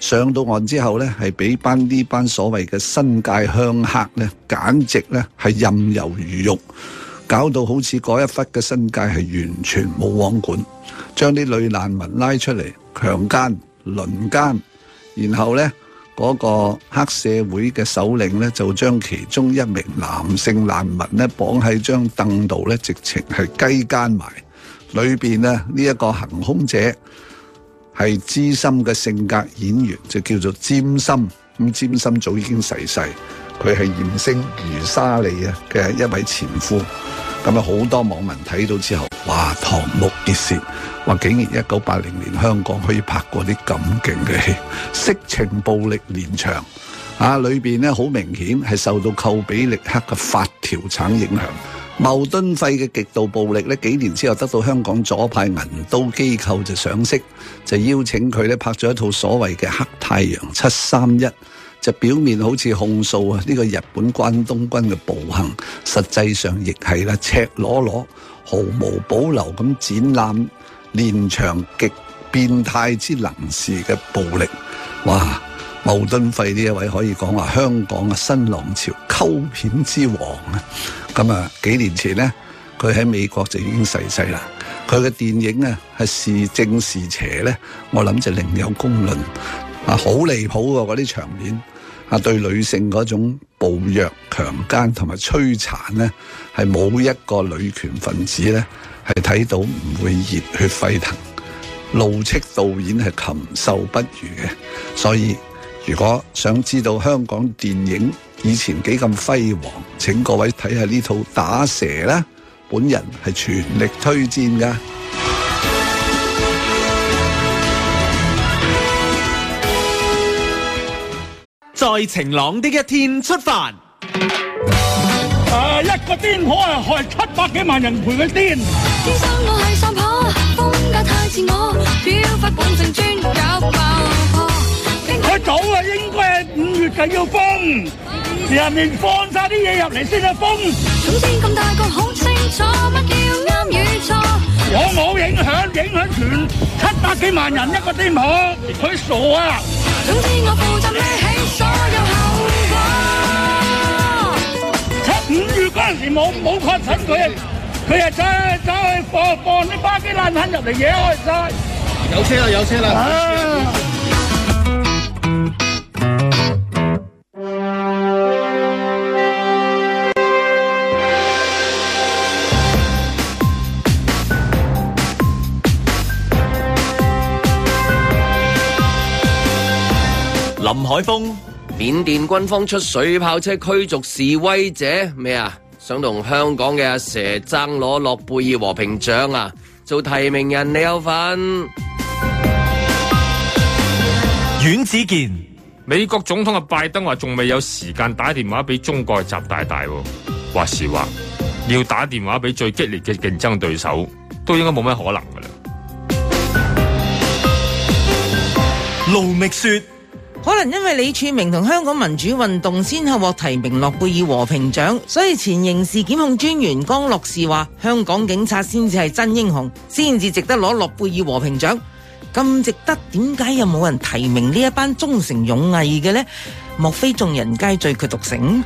G: 上到岸之後呢，係俾班呢班所謂嘅新界鄉客，呢簡直呢係任由魚肉，搞到好似嗰一忽嘅新界係完全冇王管，將啲女難民拉出嚟強姦、輪姦，然後呢嗰個黑社會嘅首領呢，就將其中一名男性難民呢綁喺張凳度呢直情係雞奸埋，裏面。呢一個行兇者。係資深嘅性格演員，就叫做占心。咁占心早已經逝世，世，佢係艷星如沙利啊嘅一位前夫。咁啊，好多網民睇到之後，哇！瞠目結舌，話竟然一九八零年香港可以拍過啲咁勁嘅戲，色情暴力連場啊！裏邊咧好明顯係受到寇比力克嘅發條橙影響。牟敦芾嘅極度暴力咧，幾年之後得到香港左派銀都機構就賞識，就邀請佢咧拍咗一套所謂嘅《黑太陽七三一》，就表面好似控訴啊呢個日本關東軍嘅暴行，實際上亦係啦赤裸裸、毫無保留咁展覽連場極變態之能事嘅暴力，哇！牟敦芾呢一位可以講話香港嘅新浪潮溝片之王啊！咁啊，幾年前呢，佢喺美國就已經逝世啦。佢嘅電影啊，係是正是邪咧，我諗就另有公論啊！好離譜嗰啲場面啊，對女性嗰種暴虐、強姦同埋摧殘呢，係冇一個女權分子呢，係睇到唔會熱血沸騰。怒斥導演係禽獸不如嘅，所以。如果想知道香港電影以前幾咁輝煌，請各位睇下呢套《打蛇》啦。本人係全力推薦㗎。
E: 在晴朗的一天出發。誒、呃，一個癲婆啊，害七百幾萬人陪佢癲。天生
G: 我係傻婆，風格太自我，表達本性專搞爆破。
E: 早啊，應該係五月就要封，入面放晒啲嘢入嚟先啊封。總之咁大個好清楚乜叫啱與錯。我冇影響，影響全七百幾萬人一個天網，佢傻啊。總之我負責孭起所有後果。七五月嗰陣時冇冇確診佢，佢又再走去放放啲巴基爛菌入嚟惹開晒。有車啦，有車啦。
B: 海風，緬甸軍方出水炮車驅逐示威者咩啊？想同香港嘅阿蛇爭攞諾貝爾和平獎啊？做提名人你有份。
C: 阮子健，美國總統嘅拜登話仲未有時間打電話俾中國習大大喎，話是話要打電話俾最激烈嘅競爭對手，都應該冇咩可能噶啦。
A: 盧覓雪。
D: 可能因為李柱銘同香港民主運動先後獲提名諾貝爾和平獎，所以前刑事檢控專員江樂士話：香港警察先至係真英雄，先至值得攞諾貝爾和平獎。咁值得？點解又冇人提名呢一班忠誠勇毅嘅呢？莫非眾人皆醉佢獨醒？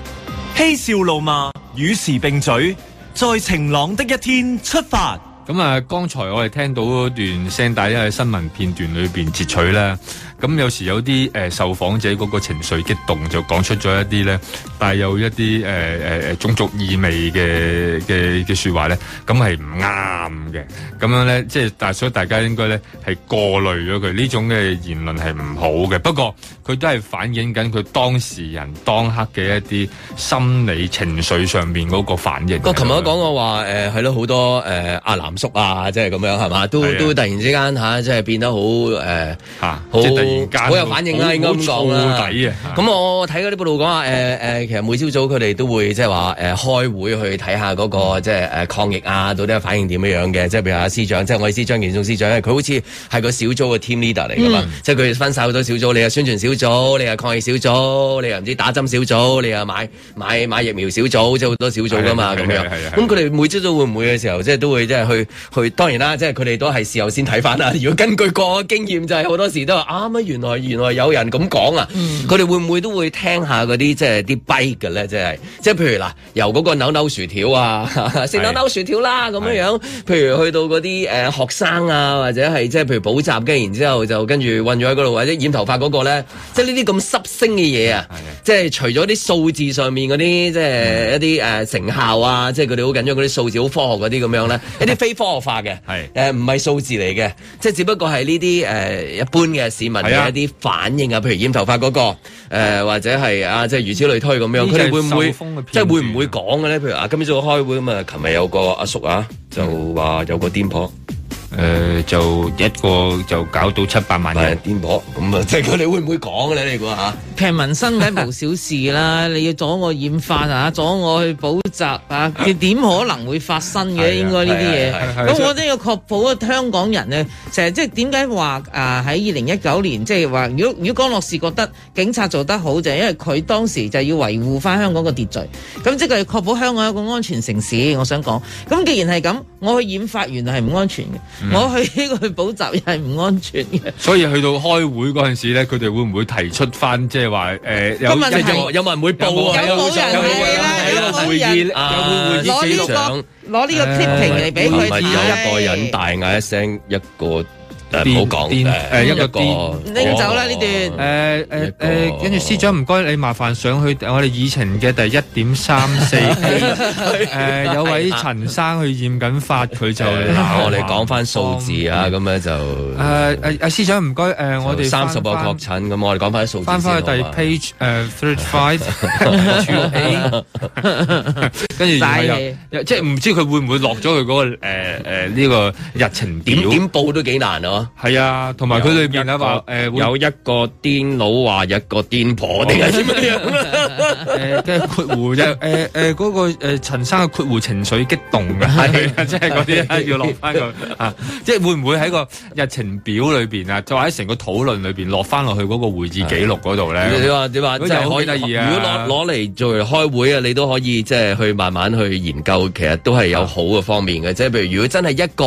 D: 嬉笑怒罵，
C: 與時並舉。在晴朗的一天出發。咁啊，剛才我哋聽到嗰段聲帶喺新聞片段裏邊截取呢。咁有時有啲誒受訪者嗰個情緒激動就講出咗一啲咧，帶有一啲誒誒誒種族意味嘅嘅嘅說話咧，咁係唔啱嘅。咁樣咧，即係但所以大家應該咧係過濾咗佢呢種嘅言論係唔好嘅。不過佢都係反映緊佢當事人當刻嘅一啲心理情緒上面嗰個反應樣說我琴
B: 日講過話誒係咯，好、呃、多誒阿、呃、藍叔啊，即係咁樣係嘛，都都突然之間吓，即、啊、係、就是、變得好誒
C: 吓。好。好、嗯、有反應啦！應
B: 該咁講啦，咁我睇嗰啲報道講話誒誒，其實每朝早佢哋都會即係話誒開會去睇下嗰、那個即係誒抗疫啊，到底反應點樣樣嘅，即係譬如阿司長，即係、嗯、我哋司長張建宗司長，佢好似係個小組嘅 team leader 嚟㗎嘛，即係佢哋分曬好多小組，你又宣傳小組，你又抗疫小組，你又唔知打針小組，你又買買買疫苗小組，即係好多小組㗎嘛咁樣。咁佢哋每朝早會唔會嘅時候，即、就、係、是、都會即係去去，當然啦，即係佢哋都係事後先睇翻啦。如果根據個經驗，就係好多時都話啱、啊原來原來有人咁講啊！佢哋、嗯、會唔會都會聽下嗰啲即係啲跛嘅咧？即係即係譬如嗱，由嗰個扭扭薯條啊，食扭扭薯條啦咁是樣樣。譬如去到嗰啲、呃、學生啊，或者係即係譬如補習嘅，然之後就跟住混咗喺嗰度，或者染頭髮嗰個咧，即係呢啲咁濕星嘅嘢啊！即係的除咗啲數字上面嗰啲，即、就、係、是、一啲誒的、呃、成效啊！即係佢哋好緊張嗰啲數字，好科學嗰啲咁樣咧，一啲非科學化嘅，係唔係數字嚟嘅，即、就、係、是、只不過係呢啲一般嘅市民。係啊，一啲反應啊，譬如染頭髮嗰個，呃，或者係啊，即係如此類推咁樣。佢哋會唔會即係會唔會講嘅咧？譬如啊，今朝早開會咁啊，琴日有個阿叔啊，就話有個癲婆。
C: 誒、呃，就一個就搞到七百萬人顛簸，咁啊，即係佢哋會唔會講咧？你估吓？
D: 平民生梗係無小事啦， 你要阻我染髮啊，阻我去補習啊，佢點 可能會發生嘅？應該呢啲嘢，咁我都要確保啊！香港人呢，成日即係點解話啊？喺二零一九年，即係話，如果如果江樂士覺得警察做得好，就係、是、因為佢當時就係要維護翻香港個秩序，咁即係確保香港有一個安全城市。我想講，咁既然係咁，我去染髮原來係唔安全嘅。我去呢個去補習係唔安全嘅，
C: 所以去到開會嗰陣時咧，佢哋會唔會提出翻即係話誒，今日有冇人會報啊？有冇人係會個會議？有冇會
D: 議
B: 資料攞呢個
D: 攞呢個 clipping 嚟俾佢睇。有一個
B: 人大嗌一聲，一個唔好講，誒一個講拎走啦
D: 呢
C: 段。誒誒誒，跟住司長唔該，你麻煩上去我哋議程嘅第一點三四誒有位陳生去驗緊發，佢就嗱我哋講翻數字啊，咁樣就誒誒，司長唔該，誒我哋三十個確診，咁我哋講翻數字翻翻去第 page 誒 three five，跟住即係唔知佢會唔會落咗佢嗰個誒誒呢個日程表，點報都幾難哦。係啊，同埋佢裏邊啊，話誒有一個癲佬話一個癲婆啲係乜嘢？誒，即係括弧啫，誒、欸、誒，嗰個誒陳生嘅括弧情緒激動啊，啊，即係嗰啲要落翻去，即係會唔會喺個日程表裏邊啊，就話喺成個討論裏邊落翻落去嗰個會議記錄嗰度咧？你話點話？即係可以如果攞攞嚟做開會啊，你都可以即係
B: 去慢慢去研究，其實都係有好嘅方面嘅。即係譬如，如果真係一個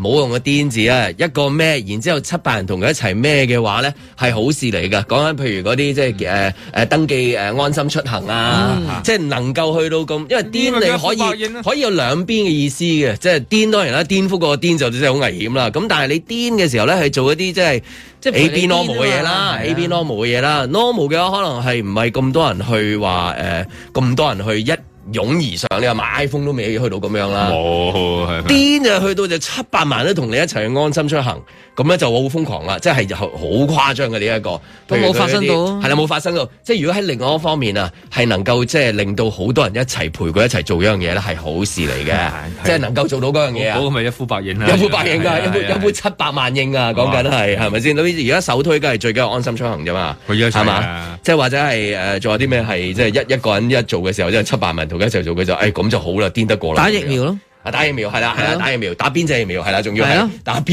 B: 冇用嘅癲字啊，一個咩？誒，然之後七百人同佢一齊咩嘅話咧，係好事嚟噶。講緊譬如嗰啲即係誒誒，登記誒、呃、安心出行啊，嗯、即係能夠去到咁。因為癲你可以、啊、可以有兩邊嘅意思嘅，即係顛當然啦，顛覆個癲就真係好危險啦。咁但係你癲嘅時候咧，係做一啲、就是、即係即係 A B Normal 嘅嘢啦，A B Normal 嘅嘢啦，Normal 嘅話可能係唔係咁多人去話誒，咁、呃、多人去一，湧而上，你話買 iPhone 都未去到咁樣啦，冇係，癲就去到就七百萬都同你一齊去安心出行，咁咧就好瘋狂啦，即係好誇張嘅呢一個，都冇發生到，係啦冇發生到，即係如果喺另外一方面啊，係能夠即係令到好多人一齊陪佢一齊做呢樣嘢咧，係好事嚟嘅，即係能夠做到嗰樣嘢啊，咪
C: 一呼百應啦，一呼百應啊，
B: 一呼一呼七百萬應啊，講緊係係咪先？而家首推梗係最緊係安心出行啫嘛，係嘛？即係或者係誒，仲有啲咩係即係一一個人一做嘅時候，即係七百萬同。一齊做嘅，就、哎，誒咁就好啦，顛得過啦，打疫苗咯。打疫苗係啦，係啦，打疫苗，是是是的打邊隻疫苗係啦，仲要係打邊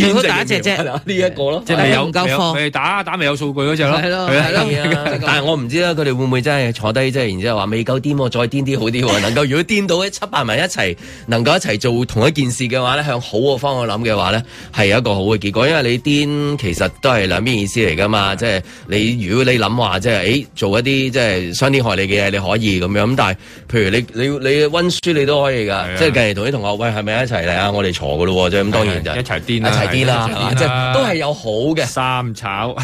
B: 隻疫苗，呢一個咯，即係的有交貨，打打咪有數據嗰隻咯，係咯，係啊。是是是但係我唔知咧，佢哋會唔會真係坐低，即係然之後話未夠癲，再癲啲好啲喎。 能夠如果顛到七百萬一齊，能夠一齊做同一件事嘅話咧，向好嘅方向諗嘅話呢，係有一個好嘅結果。因為你癲其實都係兩邊意思嚟噶嘛，即係的你如果你諗話即係，誒、就是欸、做一啲即係傷天害理嘅嘢，你可以咁樣。咁但係，譬如你你你溫書，你都可以噶，即係隔日同啲同學係咪一齊嚟啊？我哋坐嘅咯喎，即係咁，當然就一齊癲，一
C: 齊癲啦，即係都係有
B: 好嘅三炒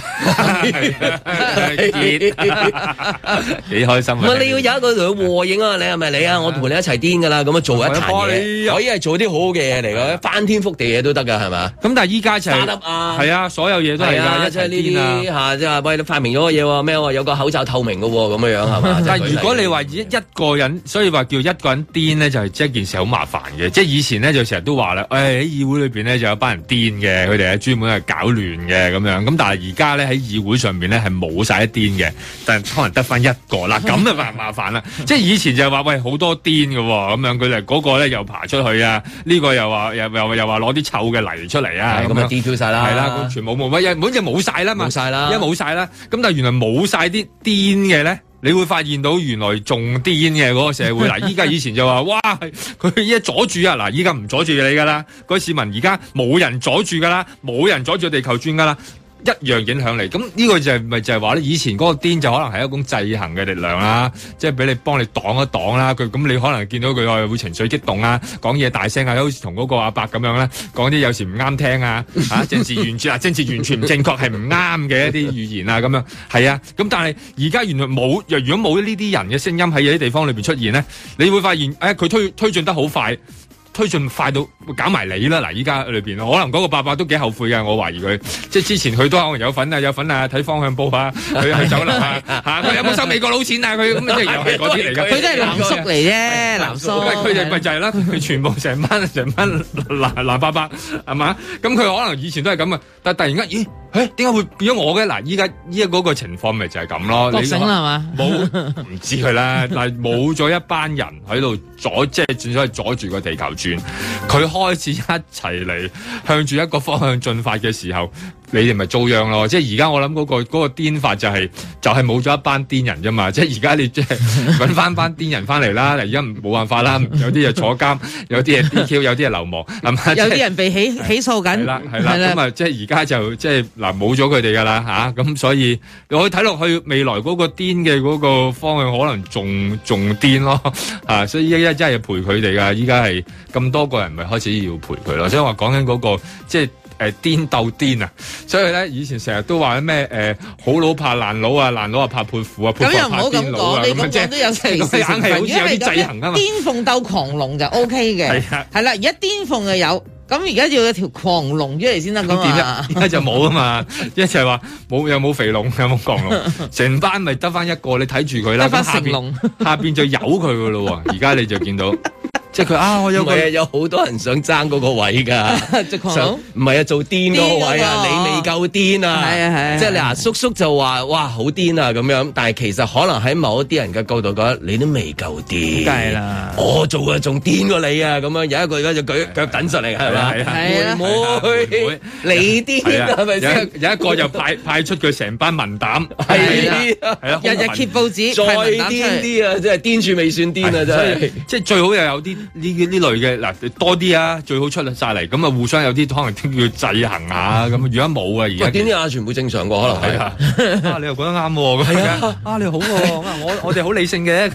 B: 幾
C: 開心。你
B: 要有一個和應啊！你係咪你啊？我同你一齊癲嘅啦，咁啊做一齊嘅，可以係做啲好嘅嘢嚟嘅，翻天覆地嘢都得嘅，係咪？
C: 咁但係依家就。齊，
A: 係啊，
B: 所有嘢都係啊，即係呢啲即係喂你發明咗個嘢喎咩喎？有個口罩透明嘅喎，咁嘅樣
C: 係嘛？但係如果你話一一個人，所以話叫一個人癲咧，就係即係件事好麻煩嘅，即以前咧就成日都話啦，誒、哎、喺議會裏邊咧就有班人癲嘅，佢哋係專門係搞亂嘅咁樣。咁但係而家咧喺議會上面咧係冇晒啲癲嘅，但可能得翻一個啦。咁就麻麻煩啦。即係 以前就話喂好多癲嘅咁樣，佢哋嗰個咧又爬出去啊，呢、呢個又話又又又話攞啲臭嘅泥出嚟啊，咁啊癲焦曬啦，係啦，全部冇乜，本就冇晒啦嘛，冇曬了因為冇晒啦。咁但係原來冇晒啲癲嘅咧。你會發現到原來仲癲嘅嗰個社會啦！依家以前就話，哇，佢依家阻住啊！嗱，依家唔阻住你噶啦，啲市民而家冇人阻住噶啦，冇人阻住地球轉噶啦。一樣影響嚟，咁呢個就係、是、咪就係話咧？以前嗰個癲就可能係一種制衡嘅力量啦，即係俾你幫你擋一擋啦。佢咁你可能見到佢又會情緒激動啊，講嘢大聲啊，好似同嗰個阿伯咁樣啦，講啲有時唔啱聽啊，嚇！政治完全啊，政治完全唔正確係唔啱嘅一啲語言啊，咁樣係啊。咁但係而家原來冇如果冇呢啲人嘅聲音喺啲地方裏邊出現咧，你會發現誒佢、哎、推推進得好快。推進快到搞埋你啦！嗱，依家裏邊可能嗰個伯伯都幾後悔嘅，我懷疑佢即係之前佢都可能有份啊，有份啊，睇方向報啊，佢 去走樓 啊，佢有冇收美國佬錢啊？佢咁即又係嗰啲嚟，佢都係藍絲嚟啫，藍絲。佢叔叔就咪就係啦，佢 全部成班成班藍藍伯伯係嘛？咁佢可能以前都係咁啊，但係突然間咦？誒點解會變咗我嘅？嗱，依家依一個情況咪就係咁咯。國性係嘛？
D: 冇唔
C: 知佢啦。嗱，冇咗一班人喺度阻，即係轉咗去阻住個地球。佢開始一齊嚟向住一個方向進發嘅時候。你哋咪遭殃咯！即係而家我諗嗰、那個嗰、那個癲法就係、是、就係冇咗一班癲人啫嘛！即係而家你即係揾翻班癲人翻嚟啦！而家冇辦法啦，有啲就坐監，有啲係 DQ，有啲係流亡，係嘛？ 有啲人
D: 被起是起訴緊。
C: 係啦係啦，咁啊即係而家就即係嗱冇咗佢哋噶啦吓咁，所以你可以睇落去未來嗰個癲嘅嗰個方向可能仲仲癲咯吓、啊！所以一一一係要陪佢哋噶，依家係咁多個人咪開始要陪佢咯、那個。即係話講緊嗰個即係。誒，癲鬥癲啊！所以咧，以前成日都話咩誒，好佬怕爛佬啊，爛佬啊怕潑婦啊，潑婦啊咁又唔好咁講，你咁講都有成個潛規則，有制衡噶嘛。癲
D: 鳳鬥狂龍就 O K 嘅，係啦。而家癲鳳就有，咁而家要有一條狂龍出嚟，先得噶嘛？而家就冇啊
C: 嘛，一齊話冇又冇肥龍，又冇狂龍，成班咪得翻一個，你睇住佢啦。得翻成龍，下邊就有佢噶咯。而家你就見到。即係佢啊！我有個唔有好多人想爭嗰個位噶，
B: 唔係啊，做癲嗰個位啊，你未夠癲啊！係啊係啊！即係你啊，叔叔就話：哇，好癲啊！咁樣，但係其實可能喺某一啲人嘅角度覺得你都未夠癲。梗係啦，我做啊仲癲過你啊！咁樣有一個就舉腳等實嚟㗎，係嘛？係你癲係咪先？
C: 有一個就派派出佢成班文膽係啲，係啊，日日揭報紙，再癲啲啊！即係癲住未算癲啊！真係，即係最好又有啲。呢啲呢類嘅嗱多啲啊，最好出啦曬嚟，咁啊互相有啲可能要制衡下咁。如果冇啊，而家，係啲啲啊全部正常過，可能係啊，你又講得啱喎。係啊，你好啊，我我哋好理性嘅，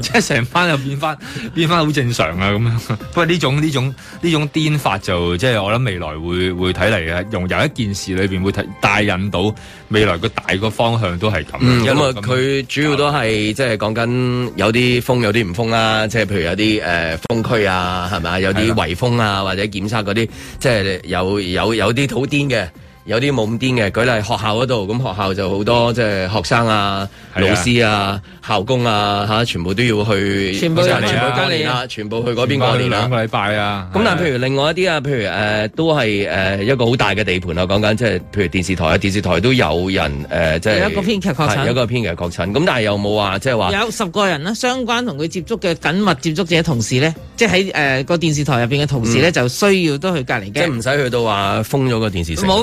C: 即係成班又變翻變翻好正常啊咁樣。不過呢種呢種呢種癲法就即係我諗未來會會睇嚟嘅，用有一件事裏邊會睇帶引到未來個大個方向都係咁。嗯，
B: 咁啊佢主要都係即係講緊有啲瘋有啲唔瘋啦，即係譬如有啲誒。風區啊，係咪啊？有啲圍封啊，或者檢測嗰啲，即係有有有啲土癲嘅。有啲冇咁癲嘅，舉例學校嗰度，咁學校就好多即係學生啊、啊老師啊、校工啊，全部都要去，全部，啊、全部去，全部隔全部去嗰邊過年啦，兩個禮拜啊。咁、啊、但係譬如另外一啲啊，譬如誒、呃、都係誒、呃、一個好大嘅地盤啊。講緊即係譬如電視台，啊，電視台都有人誒、呃，即係一個編劇確診，有個編劇確診。咁但係有冇話即係話有
D: 十個人啦，相關同佢接觸嘅緊密接觸者同事咧，即係喺誒個電視台入面嘅同事咧，嗯、就需要都去隔離即係唔
B: 使去到話封咗個電視。冇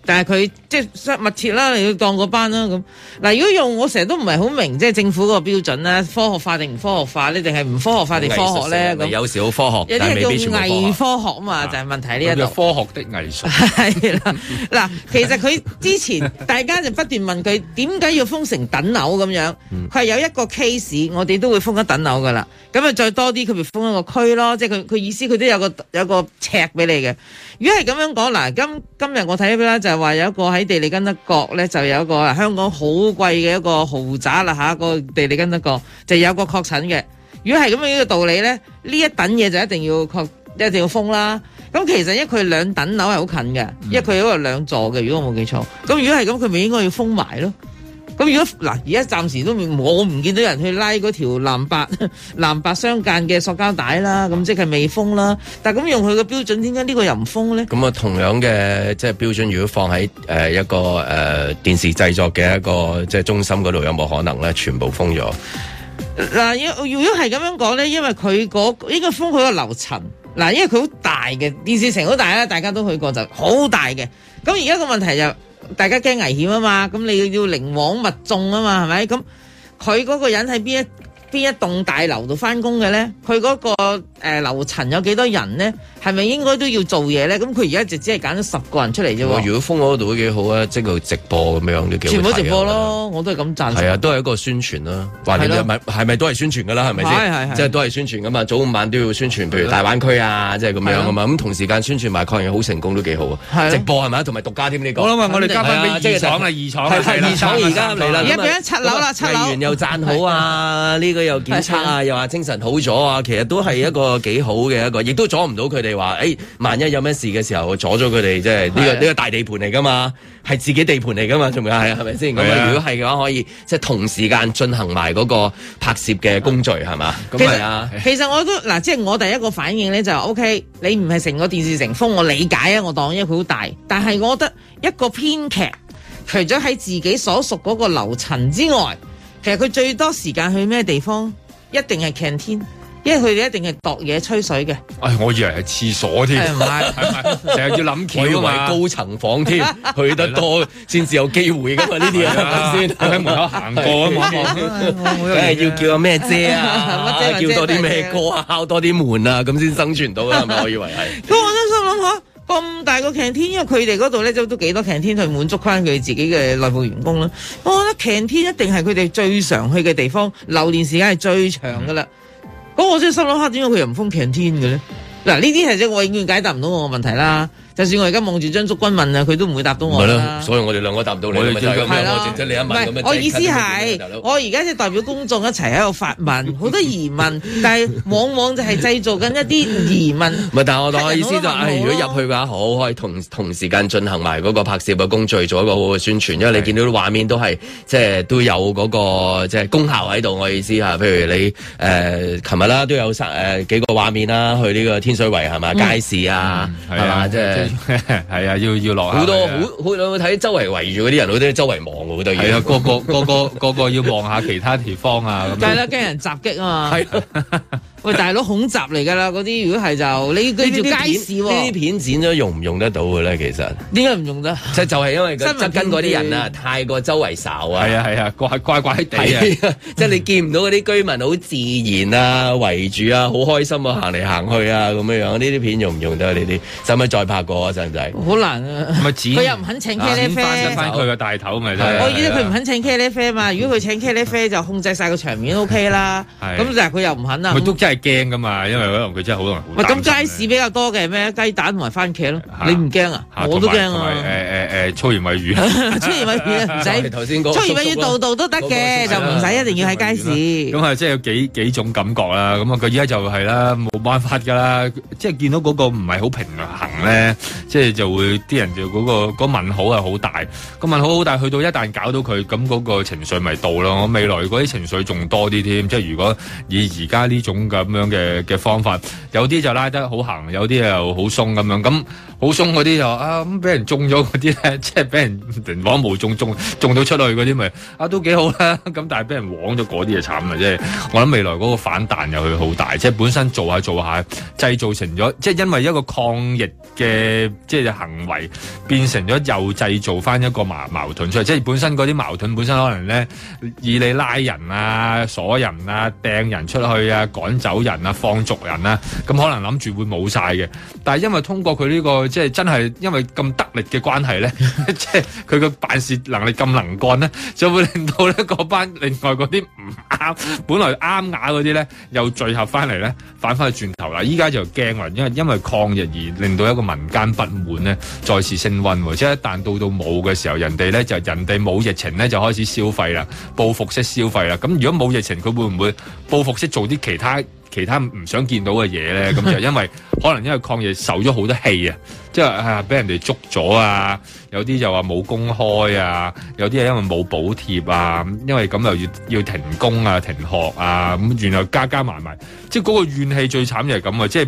D: 但係佢即係密切啦，你要當個班啦咁。嗱，如果用我成日都唔係好明，即係政府嗰個標準，科學化定唔科學化，你定係唔科學化定科學咧咁。有時好科學，有啲係叫偽科學啊嘛，就係、是、問題呢一度。啊、科學的藝術係啦。嗱， 其實佢之前大家就不斷問佢點解要封成等樓咁樣？佢係、嗯、有一個 case，我哋都會封一等樓噶啦。咁啊，再多啲佢咪封一個區咯。即係佢佢意思，佢都有個有個尺俾你嘅。如果係咁樣講嗱，今今日我睇佢啦。就話有一個喺地利根得角咧，就有一個香港好貴嘅一個豪宅啦吓，個地利根德閣就有一個確診嘅。如果係咁樣呢、這個道理咧，呢一等嘢就一定要確，一定要封啦。咁其實因佢兩等樓係好近嘅，嗯、因佢有個兩座嘅。如果我冇記錯，咁如果係咁，佢咪應該要封埋咯。咁如果嗱，而家暫時都冇我唔見到人去拉嗰條藍白藍白相間嘅塑膠帶啦，咁即係未封啦。但係咁用佢嘅標準，點解呢個又唔封咧？
B: 咁啊，同樣嘅即係標準，如果放喺誒一個誒電視製作嘅一個即係中心嗰度，有冇可能咧，全部封咗？
D: 嗱，如果係咁樣講咧，因為佢、嗰個呢個封佢個樓層，嗱，因為佢好大嘅電視城好大咧，大家都去過，就好大嘅。咁而家個問題就～大家驚危險啊嘛，咁你要寧枉勿縱啊嘛，係咪？咁佢嗰個人喺邊一？邊一棟大樓度翻工嘅咧？佢嗰個樓層有幾多人咧？係咪應該都要做嘢咧？咁佢而家就只係揀咗十個人出嚟啫喎。如
B: 果封嗰度都幾好啊，即係直播咁樣都幾好。全部直播咯，我都係咁贊。係啊，都係一個宣傳啦。係咪？係咪都係宣傳㗎啦？係咪先？即係都係宣傳㗎嘛。早午晚都要宣傳，譬如大灣區啊，即係咁樣㗎嘛。咁同時間宣傳埋抗疫好成功都幾好啊。直播係咪同埋獨家添呢個我諗我哋加翻廠啊？二廠二廠而家七樓啦，完又贊好啊！呢又檢測啊，的又話精神好咗啊，其實都係一個幾好嘅一個，亦都阻唔到佢哋話，誒、哎、萬一有咩事嘅時候阻咗佢哋，即係呢的、這個呢、這個大地盤嚟㗎嘛，係自己地盤嚟㗎嘛，仲有係咪先？咁的如果係嘅話，可以即係同時間進行埋嗰個拍攝嘅工序，係嘛、嗯？咁係啊。其實，的其
D: 實我都嗱，即係我第一個反應咧就是、o、OK, k 你唔係成個電視城封，我理解啊，我當，因為佢好大。但係我覺得一個編劇，除咗喺自己所屬嗰個樓層之外，其實佢最多時間去咩地方？一定係 canteen，因為佢哋一定係度嘢吹水嘅。
C: 哎，我以為係廁所添。係唔係？成日要諗
E: 企
A: 位高
C: 層房添，去得多先至有機會㗎
B: 嘛？
E: 呢啲啊，睇下先。喺門口
A: 行過啊嘛，梗係
B: 要叫個咩姐啊，叫多啲咩哥啊，敲多啲門啊，咁先生存到㗎？係咪？我以為係。
D: 咁大個 canteen，因為佢哋嗰度咧就都幾多 canteen 去滿足翻佢自己嘅內部員工啦。我覺得 canteen 一定係佢哋最常去嘅地方，留連時間係最長噶啦。咁我真係心諗下，點解佢又唔封 canteen 嘅咧？嗱，呢啲係啫，我永遠解答唔到我嘅問題啦。就算我而家望住張竹君問啊，佢都唔會答到我啦。所
B: 以，我哋兩個答唔到你。你咯。唔係，我意思係，
D: 我而家即代表公眾一齊喺度發問，好多疑問，但係往往就係製造緊一啲疑問。
B: 唔係，但我講意思就係，如果入去嘅話，好可以同同時間進行埋嗰個拍攝嘅工序，做一個好嘅宣傳，因為你見到啲畫面都係即係都有嗰個即係功效喺度。我意思啊，譬如你誒琴日啦，都有三誒幾個畫面啦，去呢個天水圍係嘛，街市啊，係嘛即
C: 係 啊，要要落好多，好好你會睇周圍圍住嗰啲人，好多 周圍望噶，對。係啊，個個個個個個要望下其他地方啊，咁。
B: 梗係啦，
D: 驚人襲擊啊嘛。喂，大佬恐襲嚟噶啦，嗰啲如果係就你呢街市，呢啲
B: 片剪咗用唔用得到嘅咧？其實點解唔用得？即係就係因為執跟嗰啲人啊，太過周圍哨啊，係啊係啊，怪怪怪地啊！即係你見唔到嗰啲居民好自然啊，圍住啊，好開心啊，行嚟行去啊，咁樣樣，呢啲片用唔用得？呢啲使咪再拍過啊？使唔使好難啊！咪剪佢又唔肯請茄哩啡，剪
D: 翻翻佢
C: 個大頭咪
B: 我
D: 佢唔肯請茄哩啡啊嘛，如果佢請茄哩啡就控制晒個場面 OK 啦。咁但係佢又唔肯啊。
C: 係驚噶嘛，因為可能佢真係好多人。
D: 咪咁街市比較多嘅咩？雞蛋同埋番茄咯。你唔驚
C: 啊？我都驚啊！誒誒誒，粗言穢語，粗言穢語唔使。頭先講粗言
D: 穢語，度度都得嘅，就唔使一
C: 定要喺街市。咁啊，即係有幾幾種感覺啦。咁啊，佢而家就係啦，冇辦法噶啦。即係見到嗰個唔係好平衡咧，即係就會啲人就嗰個嗰問號係好大。個問號好大，去到一旦搞到佢咁嗰個情緒咪到咯。我未來嗰啲情緒仲多啲添。即係如果以而家呢種嘅。咁樣嘅嘅方法，有啲就拉得好行，有啲又好鬆咁樣咁。好鬆嗰啲就，啊咁俾、嗯、人中咗嗰啲咧，即係俾人搵無中中中到出去嗰啲咪啊都幾好啦，啊！咁但係俾人搵咗嗰啲就慘啦，即係我諗未來嗰個反彈又會好大，即係本身做下做下製造成咗，即係因為一個抗疫嘅即係行為變成咗又製造翻一個矛矛盾出嚟，即係本身嗰啲矛盾本身可能咧以你拉人啊、鎖人啊、掟人出去啊、趕走人啊、放逐人啊，咁可能諗住會冇晒嘅，但係因為通過佢呢個。即係真係因為咁得力嘅關係咧，即係佢個辦事能力咁能幹，咧，就會令到咧嗰班另外嗰啲唔啱，本來啱啱嗰啲咧又聚合翻嚟咧，反翻去轉頭啦。依家就驚嘞，因為因為抗疫而令到一個民間不滿咧，再次升溫喎。即係一旦到到冇嘅時候，人哋咧就人哋冇疫情咧就開始消費啦，報復式消費啦。咁如果冇疫情，佢會唔會報復式做啲其他其他唔想見到嘅嘢咧？咁就因為 可能因為抗疫受咗好多氣啊！即係啊！俾人哋捉咗啊！有啲就話冇工開啊，有啲係因為冇補貼啊，因為咁又要要停工啊、停學啊，咁原來加加埋埋，即係嗰個怨氣最慘就係咁啊！即係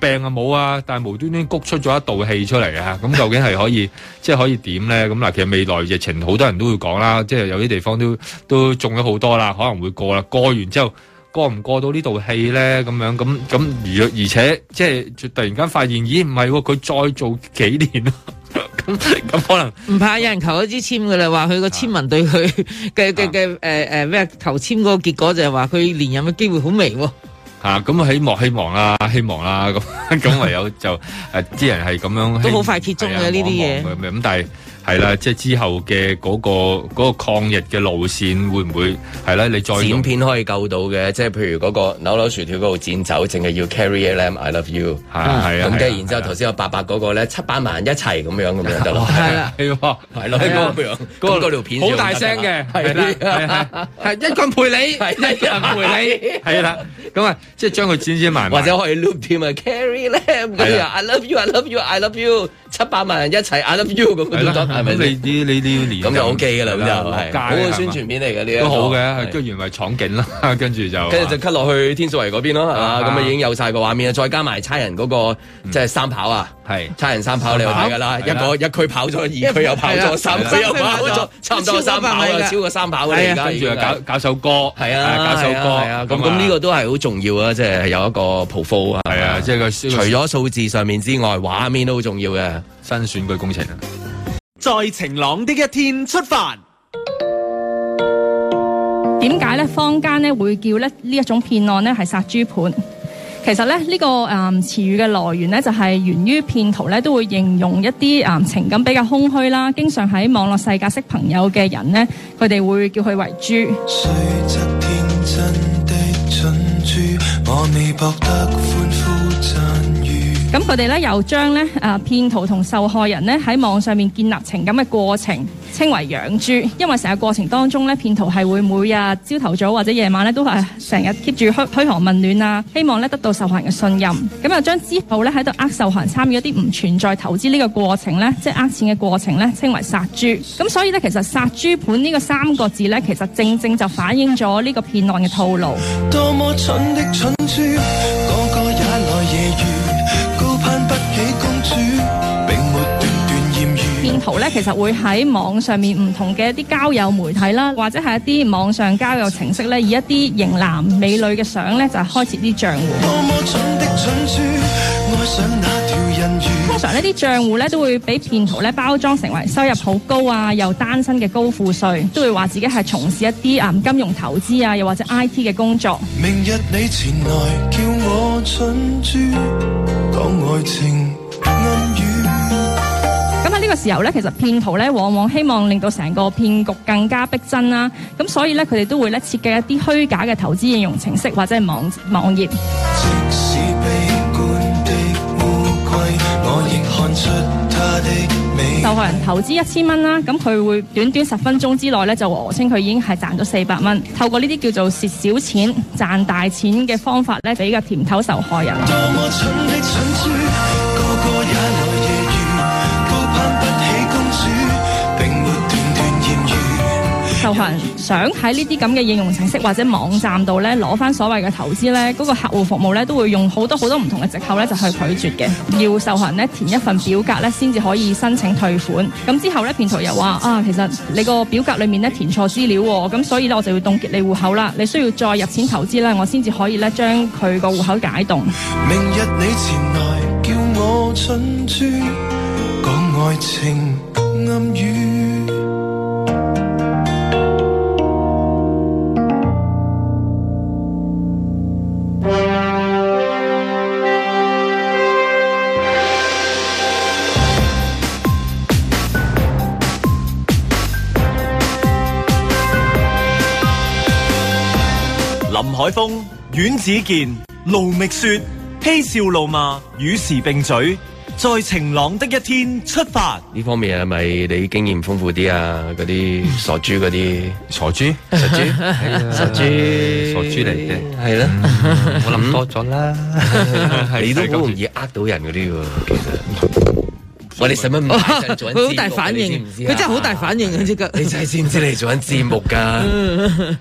C: 病又冇啊，但係無端端谷出咗一道氣出嚟啊！咁究竟係可以即係可以點呢？咁嗱，其實未來疫情好多人都會講啦，即係有啲地方都都中咗好多啦，可能會過啦，過完之後。過唔過到戲，呢套戲咧？咁樣咁咁，而而且即係突然間發現，咦，唔係喎？佢、啊、再做幾年啊？咁咁可能
D: 唔怕，有人求一支簽噶啦，話佢個簽文對佢嘅嘅嘅誒誒咩？求簽個結果就係話佢連任嘅機會好微喎、
C: 哦。吓咁啊，希望希望啦，希望啦，咁咁唯有就誒啲、 啊、人係咁樣都好快結束嘅呢啲嘢，咁，啊、看看但係。係啦，即係之後嘅嗰個嗰個抗疫嘅路線會唔會係啦，你再剪片可以救到嘅，即係譬如嗰個扭扭薯條嗰度剪
B: 走，淨係要 carry lamb，I love you。係係啊。咁跟住，然之後頭先有伯伯嗰個咧，七百萬一齊咁樣咁樣得咯。係啦，係
C: 咯，嗰條片好大
B: 聲嘅，係啦，一個人陪你，一人陪你，係啦，
C: 咁啊，即係將佢剪剪埋，或者可以 loop 添啊 carry lamb，I
B: love you，I love you，I love you。七百萬人一齊 I love you 咁咁得，係咪？你啲你你要練咁就 OK 㗎喇。咁就係好嘅宣傳片嚟㗎。呢，都好嘅，居
C: 然係場景啦，跟住就跟住就
B: cut 落去天水圍嗰邊囉。咁啊已經有晒個畫面再加埋差人嗰個即係三跑啊！係差人三跑，你又睇噶啦，一個一區跑咗，二區又跑咗，三區又跑咗，差唔多三跑，超過
C: 三跑嚟，跟住搞搞首歌，係啊，搞首歌，咁咁
B: 呢個都係好重要啊，即係有一個 profile 係啊，即係除咗數字上面之外，畫面都好重要嘅。新
C: 選舉工程，在晴朗的一天出發，
F: 點解咧？坊間咧會叫咧呢一種騙案咧係殺豬盤？其實呢個誒詞語嘅來源呢，就係源於騙徒呢都會形容一啲誒情感比較空虛啦，經常喺網絡世界識朋友嘅人呢，佢哋會叫佢為豬。咁佢哋咧又將咧誒騙徒同受害人咧喺網上面建立情感嘅過程，稱為養豬，因為成個過程當中呢，騙徒係會每日朝頭早或者夜晚呢，都係成日 keep 住虛虛寒問暖啊，希望呢得到受害人嘅信任。咁又將之後呢，喺度呃受害人參與一啲唔存在投資呢個過程呢，即係呃錢嘅過程呢，稱為殺豬。咁所以呢，其實殺豬盤呢個三個字呢，其實正正就反映咗呢個騙案嘅套路。
A: 多麼蠢的蠢
F: 咧，其實會喺網上面唔同嘅一啲交友媒體啦，或者係一啲網上交友程式咧，以一啲型男、美女嘅相咧，就開設啲賬戶。
A: 通
F: 常呢啲賬戶咧，都會俾騙徒咧包裝成為收入好高啊，又單身嘅高富帥，都會話自己係從事一啲啊金融投資啊，又或者 I T 嘅工作。
A: 明日你前來叫我蠢
F: 呢個時候咧，其實騙徒咧往往希望令到成個騙局更加逼真啦，咁所以咧，佢哋都會咧設計一啲虛假嘅投資應用程式或者係網網頁。
A: 受害
F: 人投資一千蚊啦，咁佢會短短十分鐘之內咧就訛稱佢已經係賺咗四百蚊。透過呢啲叫做蝕少錢賺大錢嘅方法咧，俾個甜頭受害人。受害人想喺呢啲咁嘅應用程式或者網站度咧攞翻所謂嘅投資咧，嗰個客戶服務咧都會用好多好多唔同嘅藉口咧就去拒絕嘅，要受害人咧填一份表格咧先至可以申請退款。咁之後咧騙徒又話啊，其實你個表格裡面咧填錯資料喎，咁所以咧我就要凍結你戶口啦，你需要再入錢投資啦，我先至可以咧將佢個戶口解
A: 凍。明日你前來叫我春珠，講愛情暗語。
B: 海風，阮子健、盧覓雪、嬉笑怒罵，與時並嘴，在晴朗的一天出發。呢方面係咪你經驗豐富啲啊？嗰啲傻豬，嗰啲傻豬，傻豬，傻豬，傻豬嚟嘅，係咯，我諗多咗啦，你都咁容易呃到人嗰啲㗎，其實。我哋使乜？佢好大反應，佢真係好大反應。你真係先知你做緊節目噶？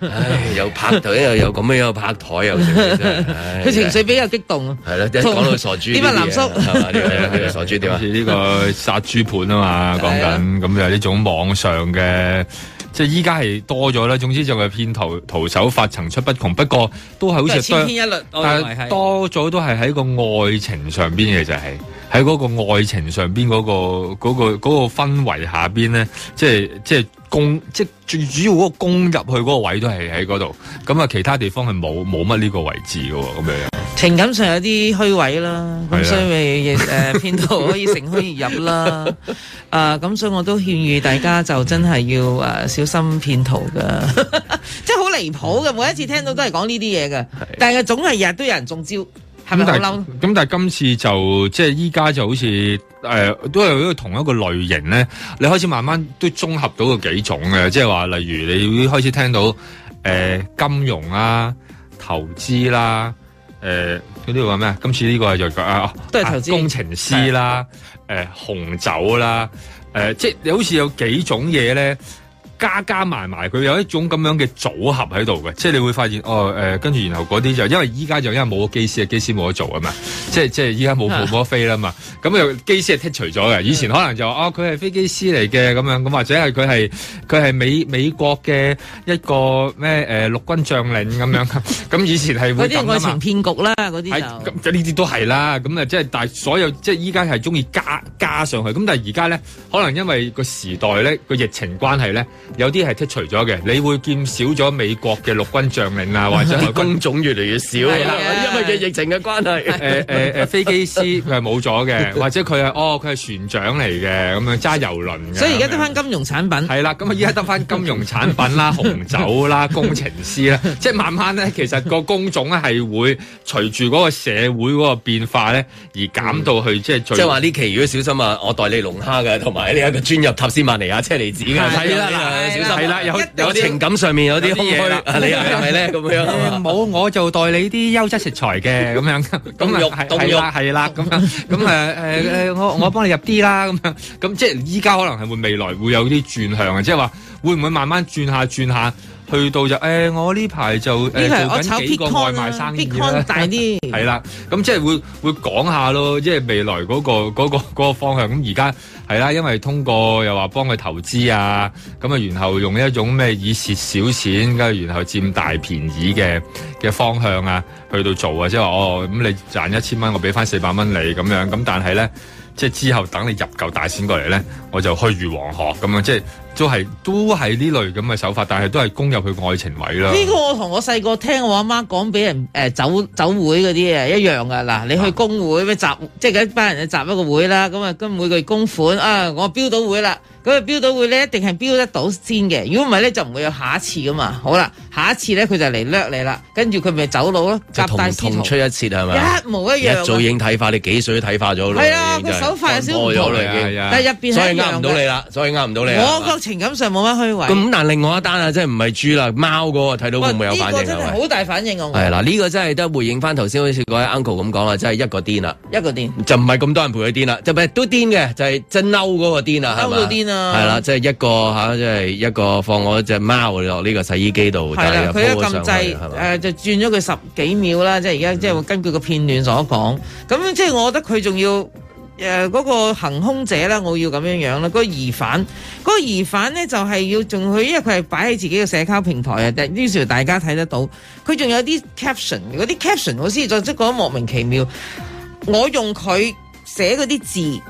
B: 唉，又拍隊又有咁樣又拍台又。佢情緒比較激動咯。係咯，講到傻豬點啊？藍叔係
C: 嘛？係啊，係啊，傻豬點好似呢個殺豬盤啊嘛，講緊咁就係呢種網上嘅，即係依家係多咗啦。總之就係騙徒徒手法層出不窮，不過都係好似千篇一律。但係多咗都係喺個愛情上邊嘅，就係。喺嗰個愛情上邊嗰、那個嗰、那個、那個那個氛圍下邊咧，即係即係攻，即係最主要嗰個攻入去嗰個位都係喺嗰度。咁啊，其他地方係冇冇乜呢個位置嘅。咁樣情
D: 感上有啲虛位啦，咁是、啊、所以咪誒，騙、呃、徒可以乘虛而入啦。 啊，咁所以我都勸喻大家就真係要誒、呃、小心騙徒噶，即係好離譜嘅。每一次聽到都係講呢啲嘢嘅，是的 但係總係日日都有人中招。
C: 係咪大佬？咁但係，咁但係今次就即係依家就好似，誒、呃，都係一個同一個類型咧。你開始慢慢都綜合到個幾種嘅，即係話，例如你開始聽到，誒、呃，金融啦、啊，投資啦、啊，誒、呃，呢度話咩啊？今次呢個係就講啊，都係投資、啊、工程師啦、啊，誒的、呃，紅酒啦、啊，誒、呃，即係你好似有幾種嘢咧。加加埋埋，佢有一種咁樣嘅組合喺度嘅，即係你會發現哦誒、呃，跟住然後嗰啲就，就因為依家就因為冇機師啊，機師冇得做啊嘛，嗯、即係即係依家冇冇乜飛啦嘛，咁又機師係剔除咗嘅，以前可能就、嗯、哦，佢係飛機師嚟嘅咁樣，咁或者係佢係佢係美美國嘅一個咩誒、呃、陸軍將領咁樣，咁以前係嗰啲愛情
D: 騙局啦，
C: 嗰啲呢啲都係啦，咁啊即係但係所有即係依家係鍾意加加上去，咁但係而家咧可能因為個時代咧個疫情關係咧。有啲係剔除咗嘅，你會見少咗美國嘅陸軍將領啊，或者公工種越嚟越少，了因為
B: 嘅疫情嘅
E: 關係？誒誒誒，飛機師
C: 佢係冇咗嘅， 或者佢係哦佢係船長嚟嘅，咁樣揸遊輪。所以而家得返金融產品係啦，咁啊依家得返金融產品啦、 紅酒啦、 工程師啦，即係慢慢咧，其實個工種咧係會隨住嗰個社會嗰個變化咧而減到去即，即係最即係話呢期如果小心啊，我代理龍蝦嘅，
B: 同埋你一個專入塔斯，斯曼尼亞車厘子嘅。係啦了了係啦，有有情感上面有啲空虛啦。你又係咪咧咁樣？
C: 冇，我就代理啲優質食材嘅咁樣。
A: 咁肉動肉係啦
C: 咁樣。咁誒誒我我幫你入啲啦咁樣。咁即係依家可能係會未來會有啲轉向啊，即係話會唔會慢慢轉下轉下去到就誒？我呢排就誒做緊幾個外賣生意大啲係啦。咁即係會會講下咯，即係未來嗰個嗰個嗰個方向。咁而家。係啦，因為通過又話幫佢投資啊，咁啊，然後用一種咩以蝕小錢，然後佔大便宜嘅嘅方向啊，去到做啊，即係話哦，咁你賺一千蚊，我俾翻四百蚊你咁樣，咁但係呢，即係之後等你入嚿大錢過嚟呢，我就去如黃鶴咁樣，即係。都係都係呢類咁嘅手法，但係都係攻入佢愛情位啦。呢個
D: 我同我細個聽我阿媽講，俾人誒走走會嗰啲誒一樣噶。啦你去工會咩集，啊、即係一班人去集一個會啦。咁啊，咁每個月供款啊，我標到會啦。咁啊，飚到會咧，一定係飚得到先嘅。如果唔係咧，就唔會有下一次噶嘛。好啦，下一次咧，佢就嚟掠你啦。跟住佢咪走佬咯，夾大錢出一
B: 次係咪？一模一樣，一做已經睇化，你幾歲都睇化咗啦。係啊，佢手法有少少唔同啦，但係入邊係一樣。所以呃唔到你啦，所以呃唔到你。
D: 我個情感上冇乜虛偽。咁
B: 但另外一單啊，即係唔係豬啦，貓嗰個睇到會唔會有反應？呢個真係好
D: 大反應喎。係啦，
B: 呢個真係都回應翻頭先好似嗰位 uncle 咁講啦，真係一個癲啦，一個癲就唔係咁多人陪佢癲啦，就係都癲嘅，就係真嬲嗰個癲啊，嬲到癲啊！係啦，即係一個吓，即係一個放我隻貓落呢個洗衣機度，的但係又播上去，佢一撳掣係
D: 咪、呃，就轉咗佢十幾秒啦，即係而家即係根據個片段所講，咁即係我覺得佢仲要誒嗰個行兇者啦，我要咁樣樣嗰個疑犯，嗰個疑犯呢，就係要仲去，因為佢係擺喺自己嘅社交平台啊，於是大家睇得到，佢仲有啲 caption，嗰啲 caption 我先至即覺得莫名其妙，我用佢。寫嗰啲字，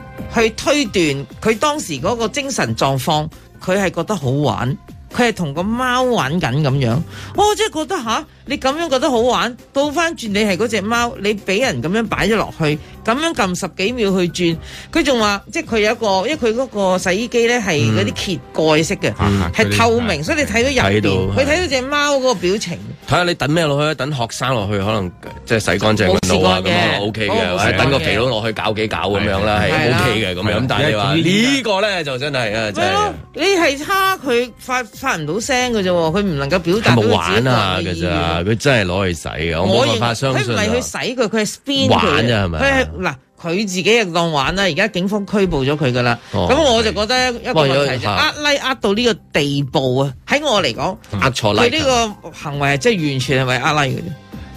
D: 去推斷佢當時嗰個精神狀況，佢係覺得好玩，佢係同個貓玩緊咁樣，我、哦、即係覺得嚇。哈你咁樣覺得好玩，倒翻轉你係嗰隻貓，你俾人咁樣擺咗落去，咁樣撳十幾秒去轉，佢仲話即係佢有一個，因為佢嗰個洗衣機咧係嗰啲揭蓋式嘅，係透明，所以你睇到入邊，佢睇到隻貓嗰個表情。
B: 睇下你等咩落去，等學生落去，可能即係洗乾淨啲到啊咁啊 OK 嘅，或者等個肥佬落去搞幾搞咁樣啦，係 OK 嘅咁樣。但係你話呢個咧就真係啊，
D: 係你係差佢發發唔到聲嘅啫喎，佢唔能夠表達到佢自己
B: 佢真係攞去洗嘅，我冇辦法相信。佢唔係
D: 去洗佢，佢係 spin 玩啫係咪？佢係嗱，佢自己亦當玩啦。而家警方拘捕咗佢噶啦。咁我就覺得一個問題就呃拉呃到呢個地步啊！喺我嚟講，
C: 呃錯賴佢呢個
D: 行為，即係完全係咪呃拉
C: 嘅？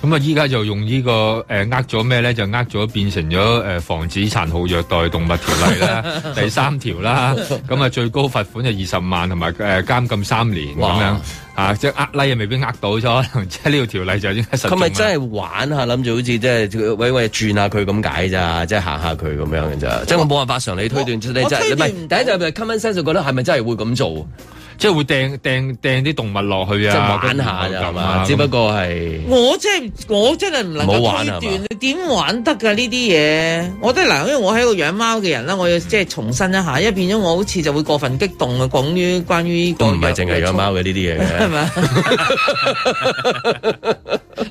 C: 咁啊，依家就用呢個誒呃咗咩咧？就呃咗變成咗誒防止殘酷虐待動物條例啦，
A: 第三
C: 條啦。咁啊，最高罰款就二十萬，同埋誒監禁三年咁樣。啊！即係呃例又未必呃到咗。可能即係呢條條例就應該實。佢咪真
B: 係玩下，諗住好似即係喂喂轉下佢咁解咋，即係行下佢咁樣嘅咋。即係我冇辦法常理推斷出哇你真係唔係
C: 第一就係、是、咪 common sense 覺得係咪真係會咁做？即係會掟掟掟啲動物落去啊，就
B: 玩一下咋嘛、啊啊？只不
C: 過係
D: 我真係我真係唔能夠玩斷，點玩，玩得噶呢啲嘢？我覺得嗱，因為我係一個養貓嘅人啦，我要即係重申一下，因為變咗我好似就會過分激動啊，講於關於呢個唔係淨係養貓嘅呢啲嘢嘅。係
B: 咪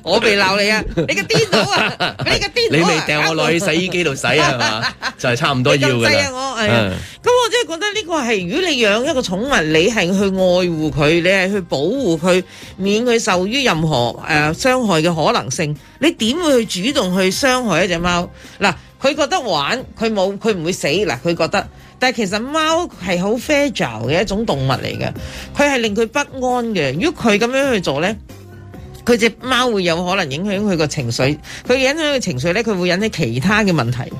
B: 我未鬧你啊！你
A: 個癲佬啊！你個癲
B: 佬！你未掟我落去洗衣機度洗、 就是、啊？嘛就係差唔多要嘅啦。咁細啊
A: 我，咁、啊 嗯、我
D: 真係覺得呢個係，如果你養一個寵物，你係。去愛護佢，你係去保護佢，免佢受於任何誒、呃、傷害嘅可能性。你點會去主動去傷害一隻貓？嗱，佢覺得玩，佢冇，佢唔會死。嗱，佢覺得，但係其實貓係好 fearful 嘅一種動物嚟嘅，佢係令佢不安嘅。如果佢咁樣去做呢，佢隻貓會有可能影響佢個情緒，佢影響佢個情緒呢，佢會引起其他嘅問題。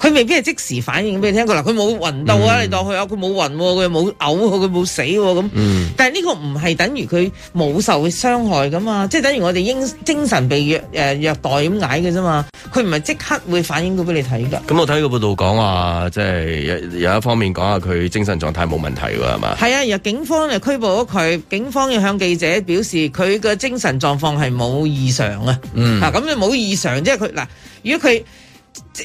D: 佢未必係即時反應俾你聽噶啦，佢冇暈到啊，嗯、你當佢啊，佢冇暈，佢冇嘔，佢冇死咁。嗯、但係呢個唔係等於佢冇受傷害噶嘛，即、就、係、是、等於我哋英精神被虐誒、呃、虐待咁解嘅啫嘛。佢唔係即刻會反應到俾你睇噶。
B: 咁我睇個報道講話、啊，即係有有一方面講下佢精神狀態冇問題噶係嘛？
D: 係啊，而警方誒拘捕咗佢，警方又向記者表示佢嘅精神狀況係冇異常啊。嗯，咁就冇異常，即係佢嗱，如果佢。即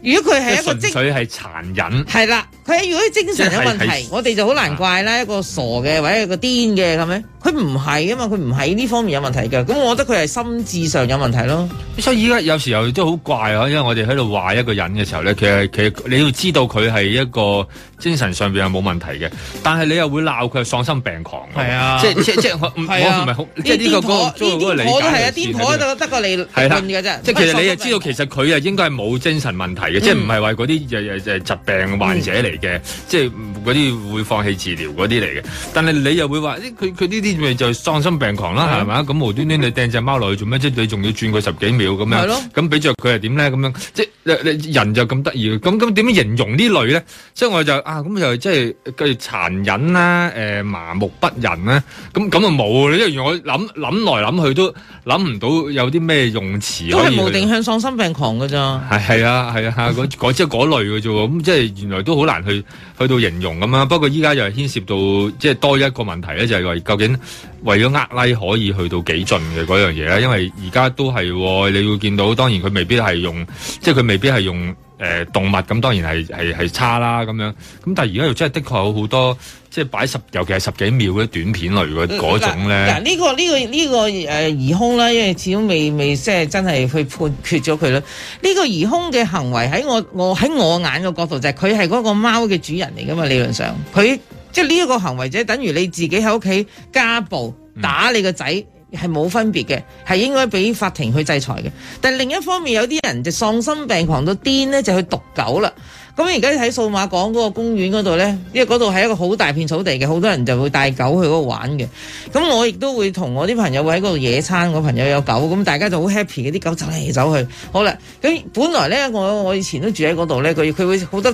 D: 如果佢係一個精
C: 佢係殘忍，
D: 係啦，佢如果精神有問題，我哋就好難怪啦。一個傻嘅或者一個癲嘅，咁樣？佢唔係啊嘛，佢唔喺呢方面有問題嘅。咁我覺得佢係心智上有問題咯。
C: 所以依家有時候都好怪，因為我哋喺度話一個人嘅時候咧，其實其實你要知道佢係一個精神上邊係冇問題嘅，但係你又會鬧佢喪心病狂。係啊，即係即我唔係好，即呢個個個我都係啊，顛婆就得個離亂嘅啫。
D: 即係其實你又
C: 知道，其實佢啊應該係。冇精神問題嘅，即係唔係話嗰啲疾病患者嚟嘅，嗯、即係嗰啲會放棄治療嗰啲嚟嘅。但係你又會話，佢佢呢啲咪就喪心病狂啦，係咪、嗯？咁、嗯、無端端你掟隻貓落去做咩？即係你仲要轉佢十幾秒咁樣，咁俾着佢係點咧？咁樣即係人就咁得意，咁咁點樣形容呢類咧？所以我就啊，咁就即係佢殘忍啦，誒麻木不仁啦，咁咁啊冇，因為我諗諗來諗去都諗唔到有啲咩用詞。都係無定
D: 向喪心病
C: 狂嘅咋。係係 啊，係啊，嗰即係嗰類嘅啫喎，咁即係原來都好難去去到形容咁啊。不過依家又係牽涉到即係多一個問題咧，就係話究竟為咗呃拉可以去到幾盡嘅嗰樣嘢咧？因為而家都係你要見到，當然佢未必係用，即係佢未必係用。誒、呃、動物咁當然係係係差啦咁樣，咁但而家又真係的確有好多即係擺十，尤其係十幾秒嘅啲短片類嘅嗰、呃、種咧、呃。但、
D: 呃、呢、這個呢、這個呢個誒疑兇啦因為始終未未即係真係去判決咗佢啦呢、這個疑兇嘅行為喺我我喺我眼嘅角度就係佢係嗰個貓嘅主人嚟㗎嘛，理論上佢即係呢一個行為者，等於你自己喺屋企家暴打你個仔。嗯係冇分別嘅，係應該俾法庭去制裁嘅。但另一方面，有啲人就喪心病狂到癲咧，就去毒狗啦。咁而家喺數碼港嗰個公園嗰度呢，因為嗰度係一個好大片草地嘅，好多人就會帶狗去嗰度玩嘅。咁我亦都會同我啲朋友喺嗰度野餐，我朋友有狗，咁大家就好 happy 嘅。啲狗走嚟走去，好啦。咁本來呢，我我以前都住喺嗰度呢，佢佢會好多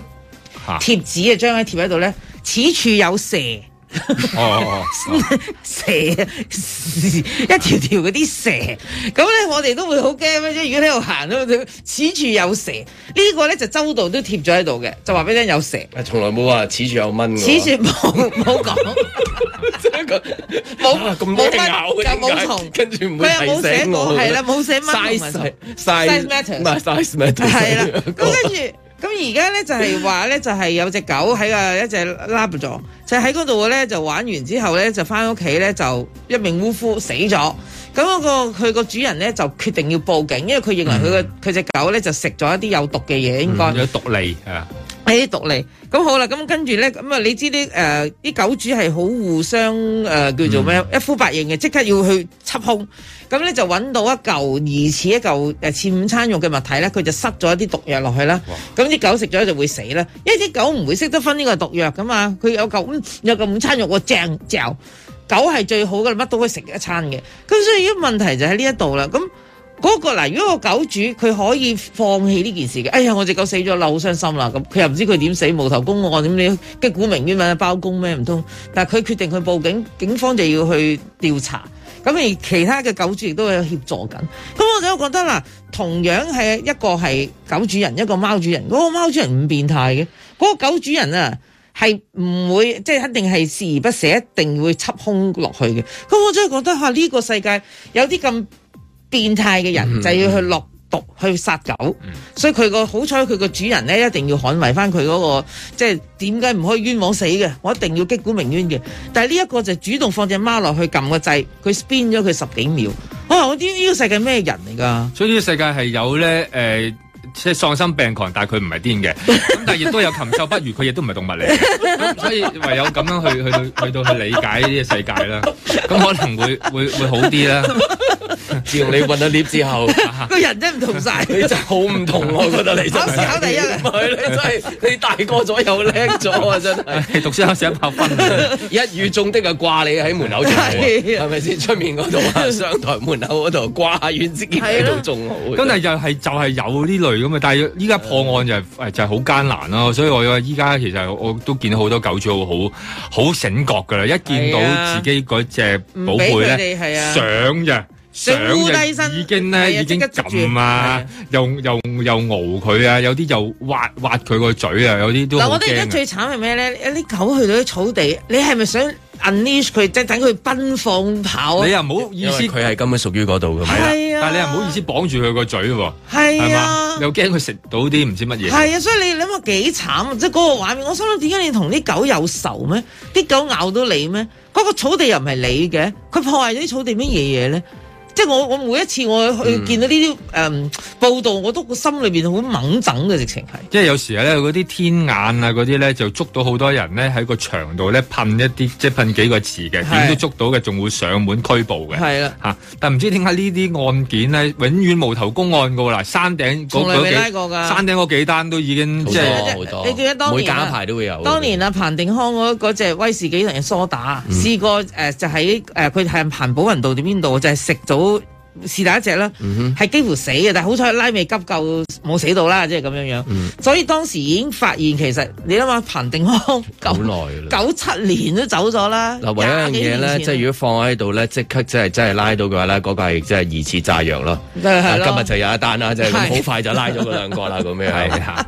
D: 貼紙啊，將佢貼喺度呢，此處有蛇。哦，蛇啊一條條嗰啲蛇，咁咧我哋都會好驚咩？如果喺度行啊，處處有蛇，呢、這個咧就周度都貼咗喺度嘅，就話俾你聽有蛇。
B: 從來冇話處處有蚊。處處
E: 冇冇講，
B: 冇
D: 冇、 啊、
E: 咬，冇蟲，
D: 跟住唔會提醒我。係啦，冇寫蚊 size。Size
B: matter Size matter 係啦，
D: 跟住。咁而家咧就係話咧就係，是，有隻狗喺個一隻拉布咗，就喺嗰度咧就玩完之後咧就翻屋企咧就一命嗚呼死咗。咁，那，嗰個佢個主人咧就決定要報警，因為佢認為佢個佢隻狗咧就食咗一啲有毒嘅嘢，應該，嗯、有毒嚟係啊。啲毒嚟，咁好啦，咁跟住咧，咁啊你知啲誒啲狗主係好互相誒、呃、叫做咩？嗯、一呼百應嘅，即刻要去緝兇。咁咧就揾到一嚿疑似一嚿誒似午餐肉嘅物體咧，佢就塞咗一啲毒藥落去啦。咁啲哇狗食咗就會死啦，因為啲狗唔會識得分呢個毒藥噶嘛，佢有嚿有個午餐肉喎正嚼，狗係最好噶，乜都可以食一餐嘅。咁所以呢個問題就喺呢一度啦，咁。嗰個嗱，如果個狗主佢可以放棄呢件事嘅，哎呀，我隻狗死咗啦，好傷心啦，咁佢又唔知佢點死，無頭公案點樣擊鼓鳴冤問包公咩？唔通？但係佢決定去報警，警方就要去調查。咁而其他嘅狗主亦都有協助緊。咁我就係覺得啦，同樣係一個係狗主人，一個貓主人。嗰個貓主人唔變態嘅，嗰個狗主人啊，係唔會即係肯定係視而不捨，一定會緝兇落去嘅。咁我真係覺得嚇，呢個世界有啲咁～變態嘅人就要去落毒、嗯、去殺狗，嗯、所以佢個好彩佢個主人咧一定要捍衛翻佢嗰個，即係點解唔可以冤枉死嘅？我一定要擊鼓鳴冤嘅。但係呢一個就是主動放隻貓落去撳個掣，佢 spin 咗佢十幾秒。啊、哎，我知呢個世界咩人嚟
C: 噶？所以呢個世界係有咧，誒、呃，即係喪心病狂，但係佢唔係癲嘅。咁 但係亦都有禽獸不如，佢亦都唔係動物嚟。
A: 咁 所以
C: 唯有咁樣去去到去到去理解呢個世界啦。咁可能會會會好啲啦。 自從你搵咗獵
D: 之後，個人真唔同晒，你真係好
B: 唔同，我覺得你考試考第一，唔係你真係你大個咗又叻咗啊！真
C: 係讀書考一百分，
B: 一語中的啊，掛你喺門口就好，係咪先？出面嗰度啊，商台門口嗰度掛，之知喺度仲好。咁但
C: 係就係就係有呢類咁嘅，但係依家破案就係就係好艱難咯。所以我依家其實我都見到好多狗主好好醒覺噶啦，一見到自己嗰隻寶貝咧，
D: 想
C: 嘅。上低身，已經咧，刻著著已經撳啊，又是的 又又熬佢啊，有啲又挖挖佢個嘴啊，有啲都嗱，啊、我覺得而家最
D: 慘係咩咧？有啲狗去到啲草地，你係咪想 unleash 佢，即係等佢奔放跑？你又唔好
C: 意思，因為佢係根本屬於嗰度嘅嘛。係啊的，的但係你又唔好意思綁住佢個嘴喎。係啊，又驚佢食到啲唔知乜嘢。係啊，
D: 所以你諗下幾慘啊！即係嗰個畫面，我想諗點解你同啲狗有仇咩？啲狗咬到你咩？嗰、嗰個草地又唔係你嘅，佢破壞咗啲草地乜嘢嘢咧？即係我我每一次我去見到呢啲誒報道，我都個心裏邊好猛整嘅直情係。
C: 即係有時候咧，嗰啲天眼啊嗰啲咧，就捉到好多人咧喺個牆度咧噴一啲，即係噴幾個字嘅，點的都捉到嘅，仲會上門拘捕嘅。係啦的，吓、啊，但唔知點解呢啲案件咧，永遠無頭公案噶啦，山頂從來未拉過㗎。山頂嗰幾單都已經很多即係
D: 係，每間一排都會有。當年啊彭定康嗰嗰隻威士忌同嘅蘇打試、嗯、過誒就喺誒佢係彭寶雲道定邊度，就係食咗。呃一隻是第一隻啦，係幾乎死嘅，但係好彩拉尾急救冇死到啦，即係咁樣樣。嗯、所以當時已經發現，其實你諗下彭定康，好耐啦，九九七年都走咗啦。嗱，唯一一樣嘢咧，即係如
B: 果放喺度咧，即刻即係真係拉到嘅話咧，嗰、嗰個係即係疑似炸藥咯。的今日就有一單啦的， 即係好快就拉咗嗰兩個啦，咁樣係
A: 吓，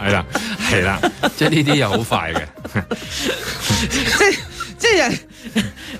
C: 係啦，係啦，即係呢啲又好快嘅，
B: 即係即係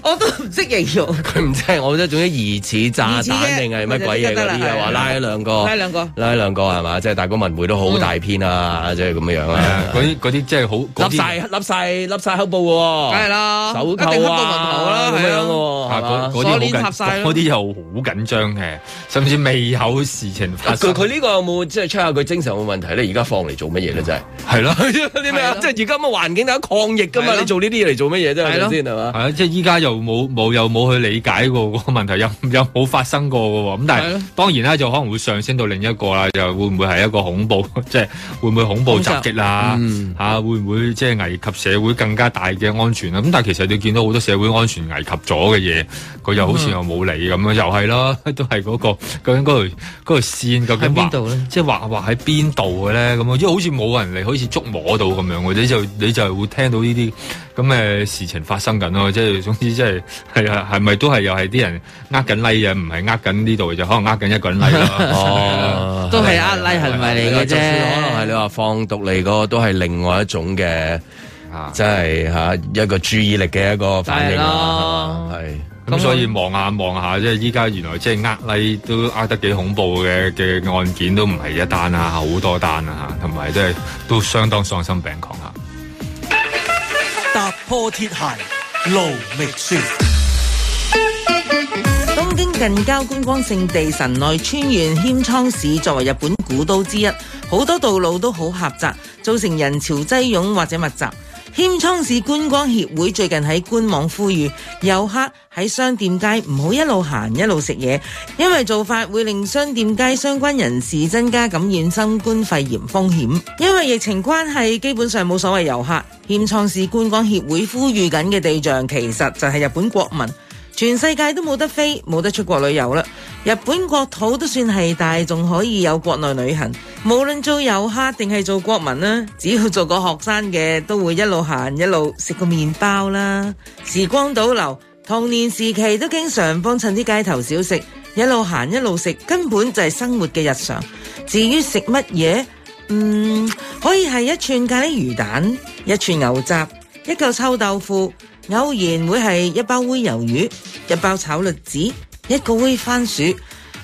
B: 我都唔識形容，佢唔知，我覺得總之疑似炸彈定係乜鬼嘢嗰啲，又話拉咗兩個，拉兩個，拉兩個係嘛？即係大公文匯都好大篇啊，即係咁樣樣啊，嗰啲即係好，笠晒笠晒笠晒黑布喎，梗係啦，手扣啊，咁樣
C: 嘅，係嘛？嗰啲好緊，嗰啲又好緊張嘅，甚至未有事情發生。佢呢
B: 個有冇即係 check 下佢精神嘅問題咧？而家放嚟做乜嘢咧？真
C: 係
A: 係咯，
B: 啲咩？即係而家咁嘅環境，大家抗疫噶嘛？你做呢啲嘢嚟做乜嘢啫？係咪先係嘛？
C: 即係依家又冇冇又冇去理解過個問題，又又冇發生過喎。咁。但係的當然啦，就可能會上升到另一個啦，就會唔會係一個恐怖，即係會唔會恐怖襲擊啦?吓會唔會即係危及社會更加大嘅安全啊?咁但係其實你見到好多社會安全危及咗嘅嘢，佢又好似又冇理咁、嗯、樣又係咯，都係嗰、嗰個嗰個嗰條線咁樣邊度咧?即係劃劃喺邊度嘅咧?咁樣即好似冇人嚟，好似捉摸到咁樣，你就你就會聽到呢啲。咁嘅、嗯、事情發生緊咯，即係總之即係係啊，係咪都係又係啲人呃緊賴啊？唔係呃緊呢度就可能呃緊一個人賴啦。 哦，的都係呃賴，
D: 係係
B: 咪嚟嘅啫？係係就算可能係
C: 你話放毒嚟嗰個，都係另外一種嘅，即係、啊就係啊、一個注意力嘅一個反應啦。咁的，所以望下望下，即係依家原來即係呃賴都呃得幾恐怖嘅嘅案件都，都唔係一單啊，好多單啊，同埋即係都相當喪心病狂。
E: 破鐵鞋，勞覓船。
D: 東京近郊觀光勝地神奈川縣鎌倉市作為日本古都之一，好多道路都好狹窄，造成人潮擠擁或者密集。欠倉市觀光協會最近喺官網呼籲遊客喺商店街唔好一路行一路食嘢，因為做法會令商店街相關人士增加感染新冠肺炎風險。因為疫情關係，基本上冇所謂遊客。欠倉市觀光協會呼籲緊嘅對象，其實就係日本國民。全世界都冇得飛，冇得出國旅遊啦。日本國土都算係大，仲可以有國內旅行。無論做遊客定係做國民啦，只要做過學生嘅，都會一路行一路食個麵包啦。時光倒流，童年時期都經常幫襯啲街頭小食，一路行一路食，根本就係生活嘅日常。至於食乜嘢？嗯，可以係一串咖喱魚蛋，一串牛雜，一嚿臭豆腐。偶然會係一包煨魷魚，一包炒栗子，一個煨番薯，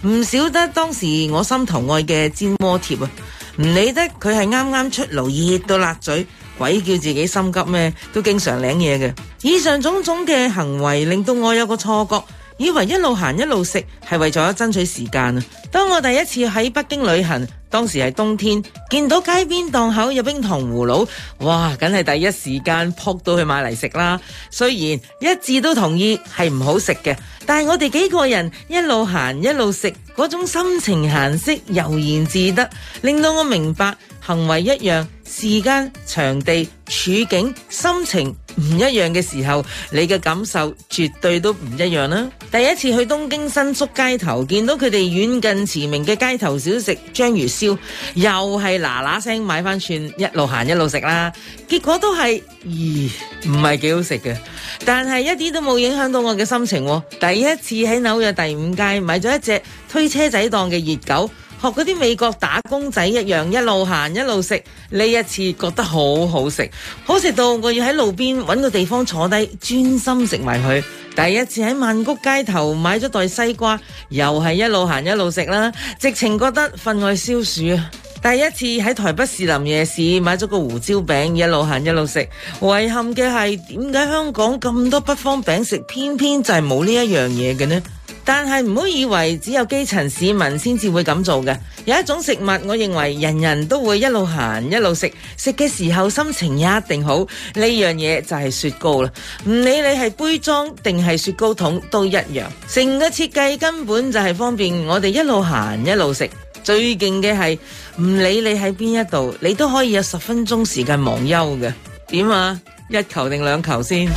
D: 唔少得當時我心頭愛嘅煎鍋貼啊！唔理得佢係啱啱出爐熱到辣嘴，鬼叫自己心急咩？都經常領嘢嘅。以上種種嘅行為，令到我有個錯覺。以為一路行一路食係為咗爭取時間啊！當我第一次喺北京旅行，當時係冬天，見到街邊檔口有冰糖葫蘆，哇，梗係第一時間撲到去買嚟食啦。雖然一致都同意係唔好食嘅，但係我哋幾個人一路行一路食，嗰種心情閒適、悠然自得，令到我明白行為一樣，時間、場地、處境、心情。唔一樣嘅時候，你嘅感受絕對都唔一樣啦。第一次去東京新宿街頭，見到佢哋遠近馳名嘅街頭小食章魚燒，又係嗱嗱聲買翻串，一路行一路食啦。結果都係，咦，唔係幾好食嘅。但係一啲都冇影響到我嘅心情。第一次喺紐約第五街買咗一隻推車仔檔嘅熱狗。學嗰啲美國打工仔一樣，一路行一路食。呢一次覺得好好食，好食到我要喺路邊搵個地方坐低專心食埋佢。第一次喺曼谷街頭買咗袋西瓜，又係一路行一路食啦。直情覺得份外消暑。第一次喺台北士林夜市買咗個胡椒餅，一路行一路食。遺憾嘅係，點解香港咁多北方餅食，偏偏就係冇呢一樣嘢嘅呢？但係唔好以為只有基層市民先至會咁做嘅。有一種食物我認為人人都會一路行一路食，食嘅時候心情一定好。呢樣嘢就係雪糕啦，唔理你係杯裝定係雪糕筒都一樣，成個設計根本就係方便我哋一路行一路食。最勁嘅係唔理你喺邊一度，你都可以有十分鐘時間忘憂嘅。點啊？一球定兩球先？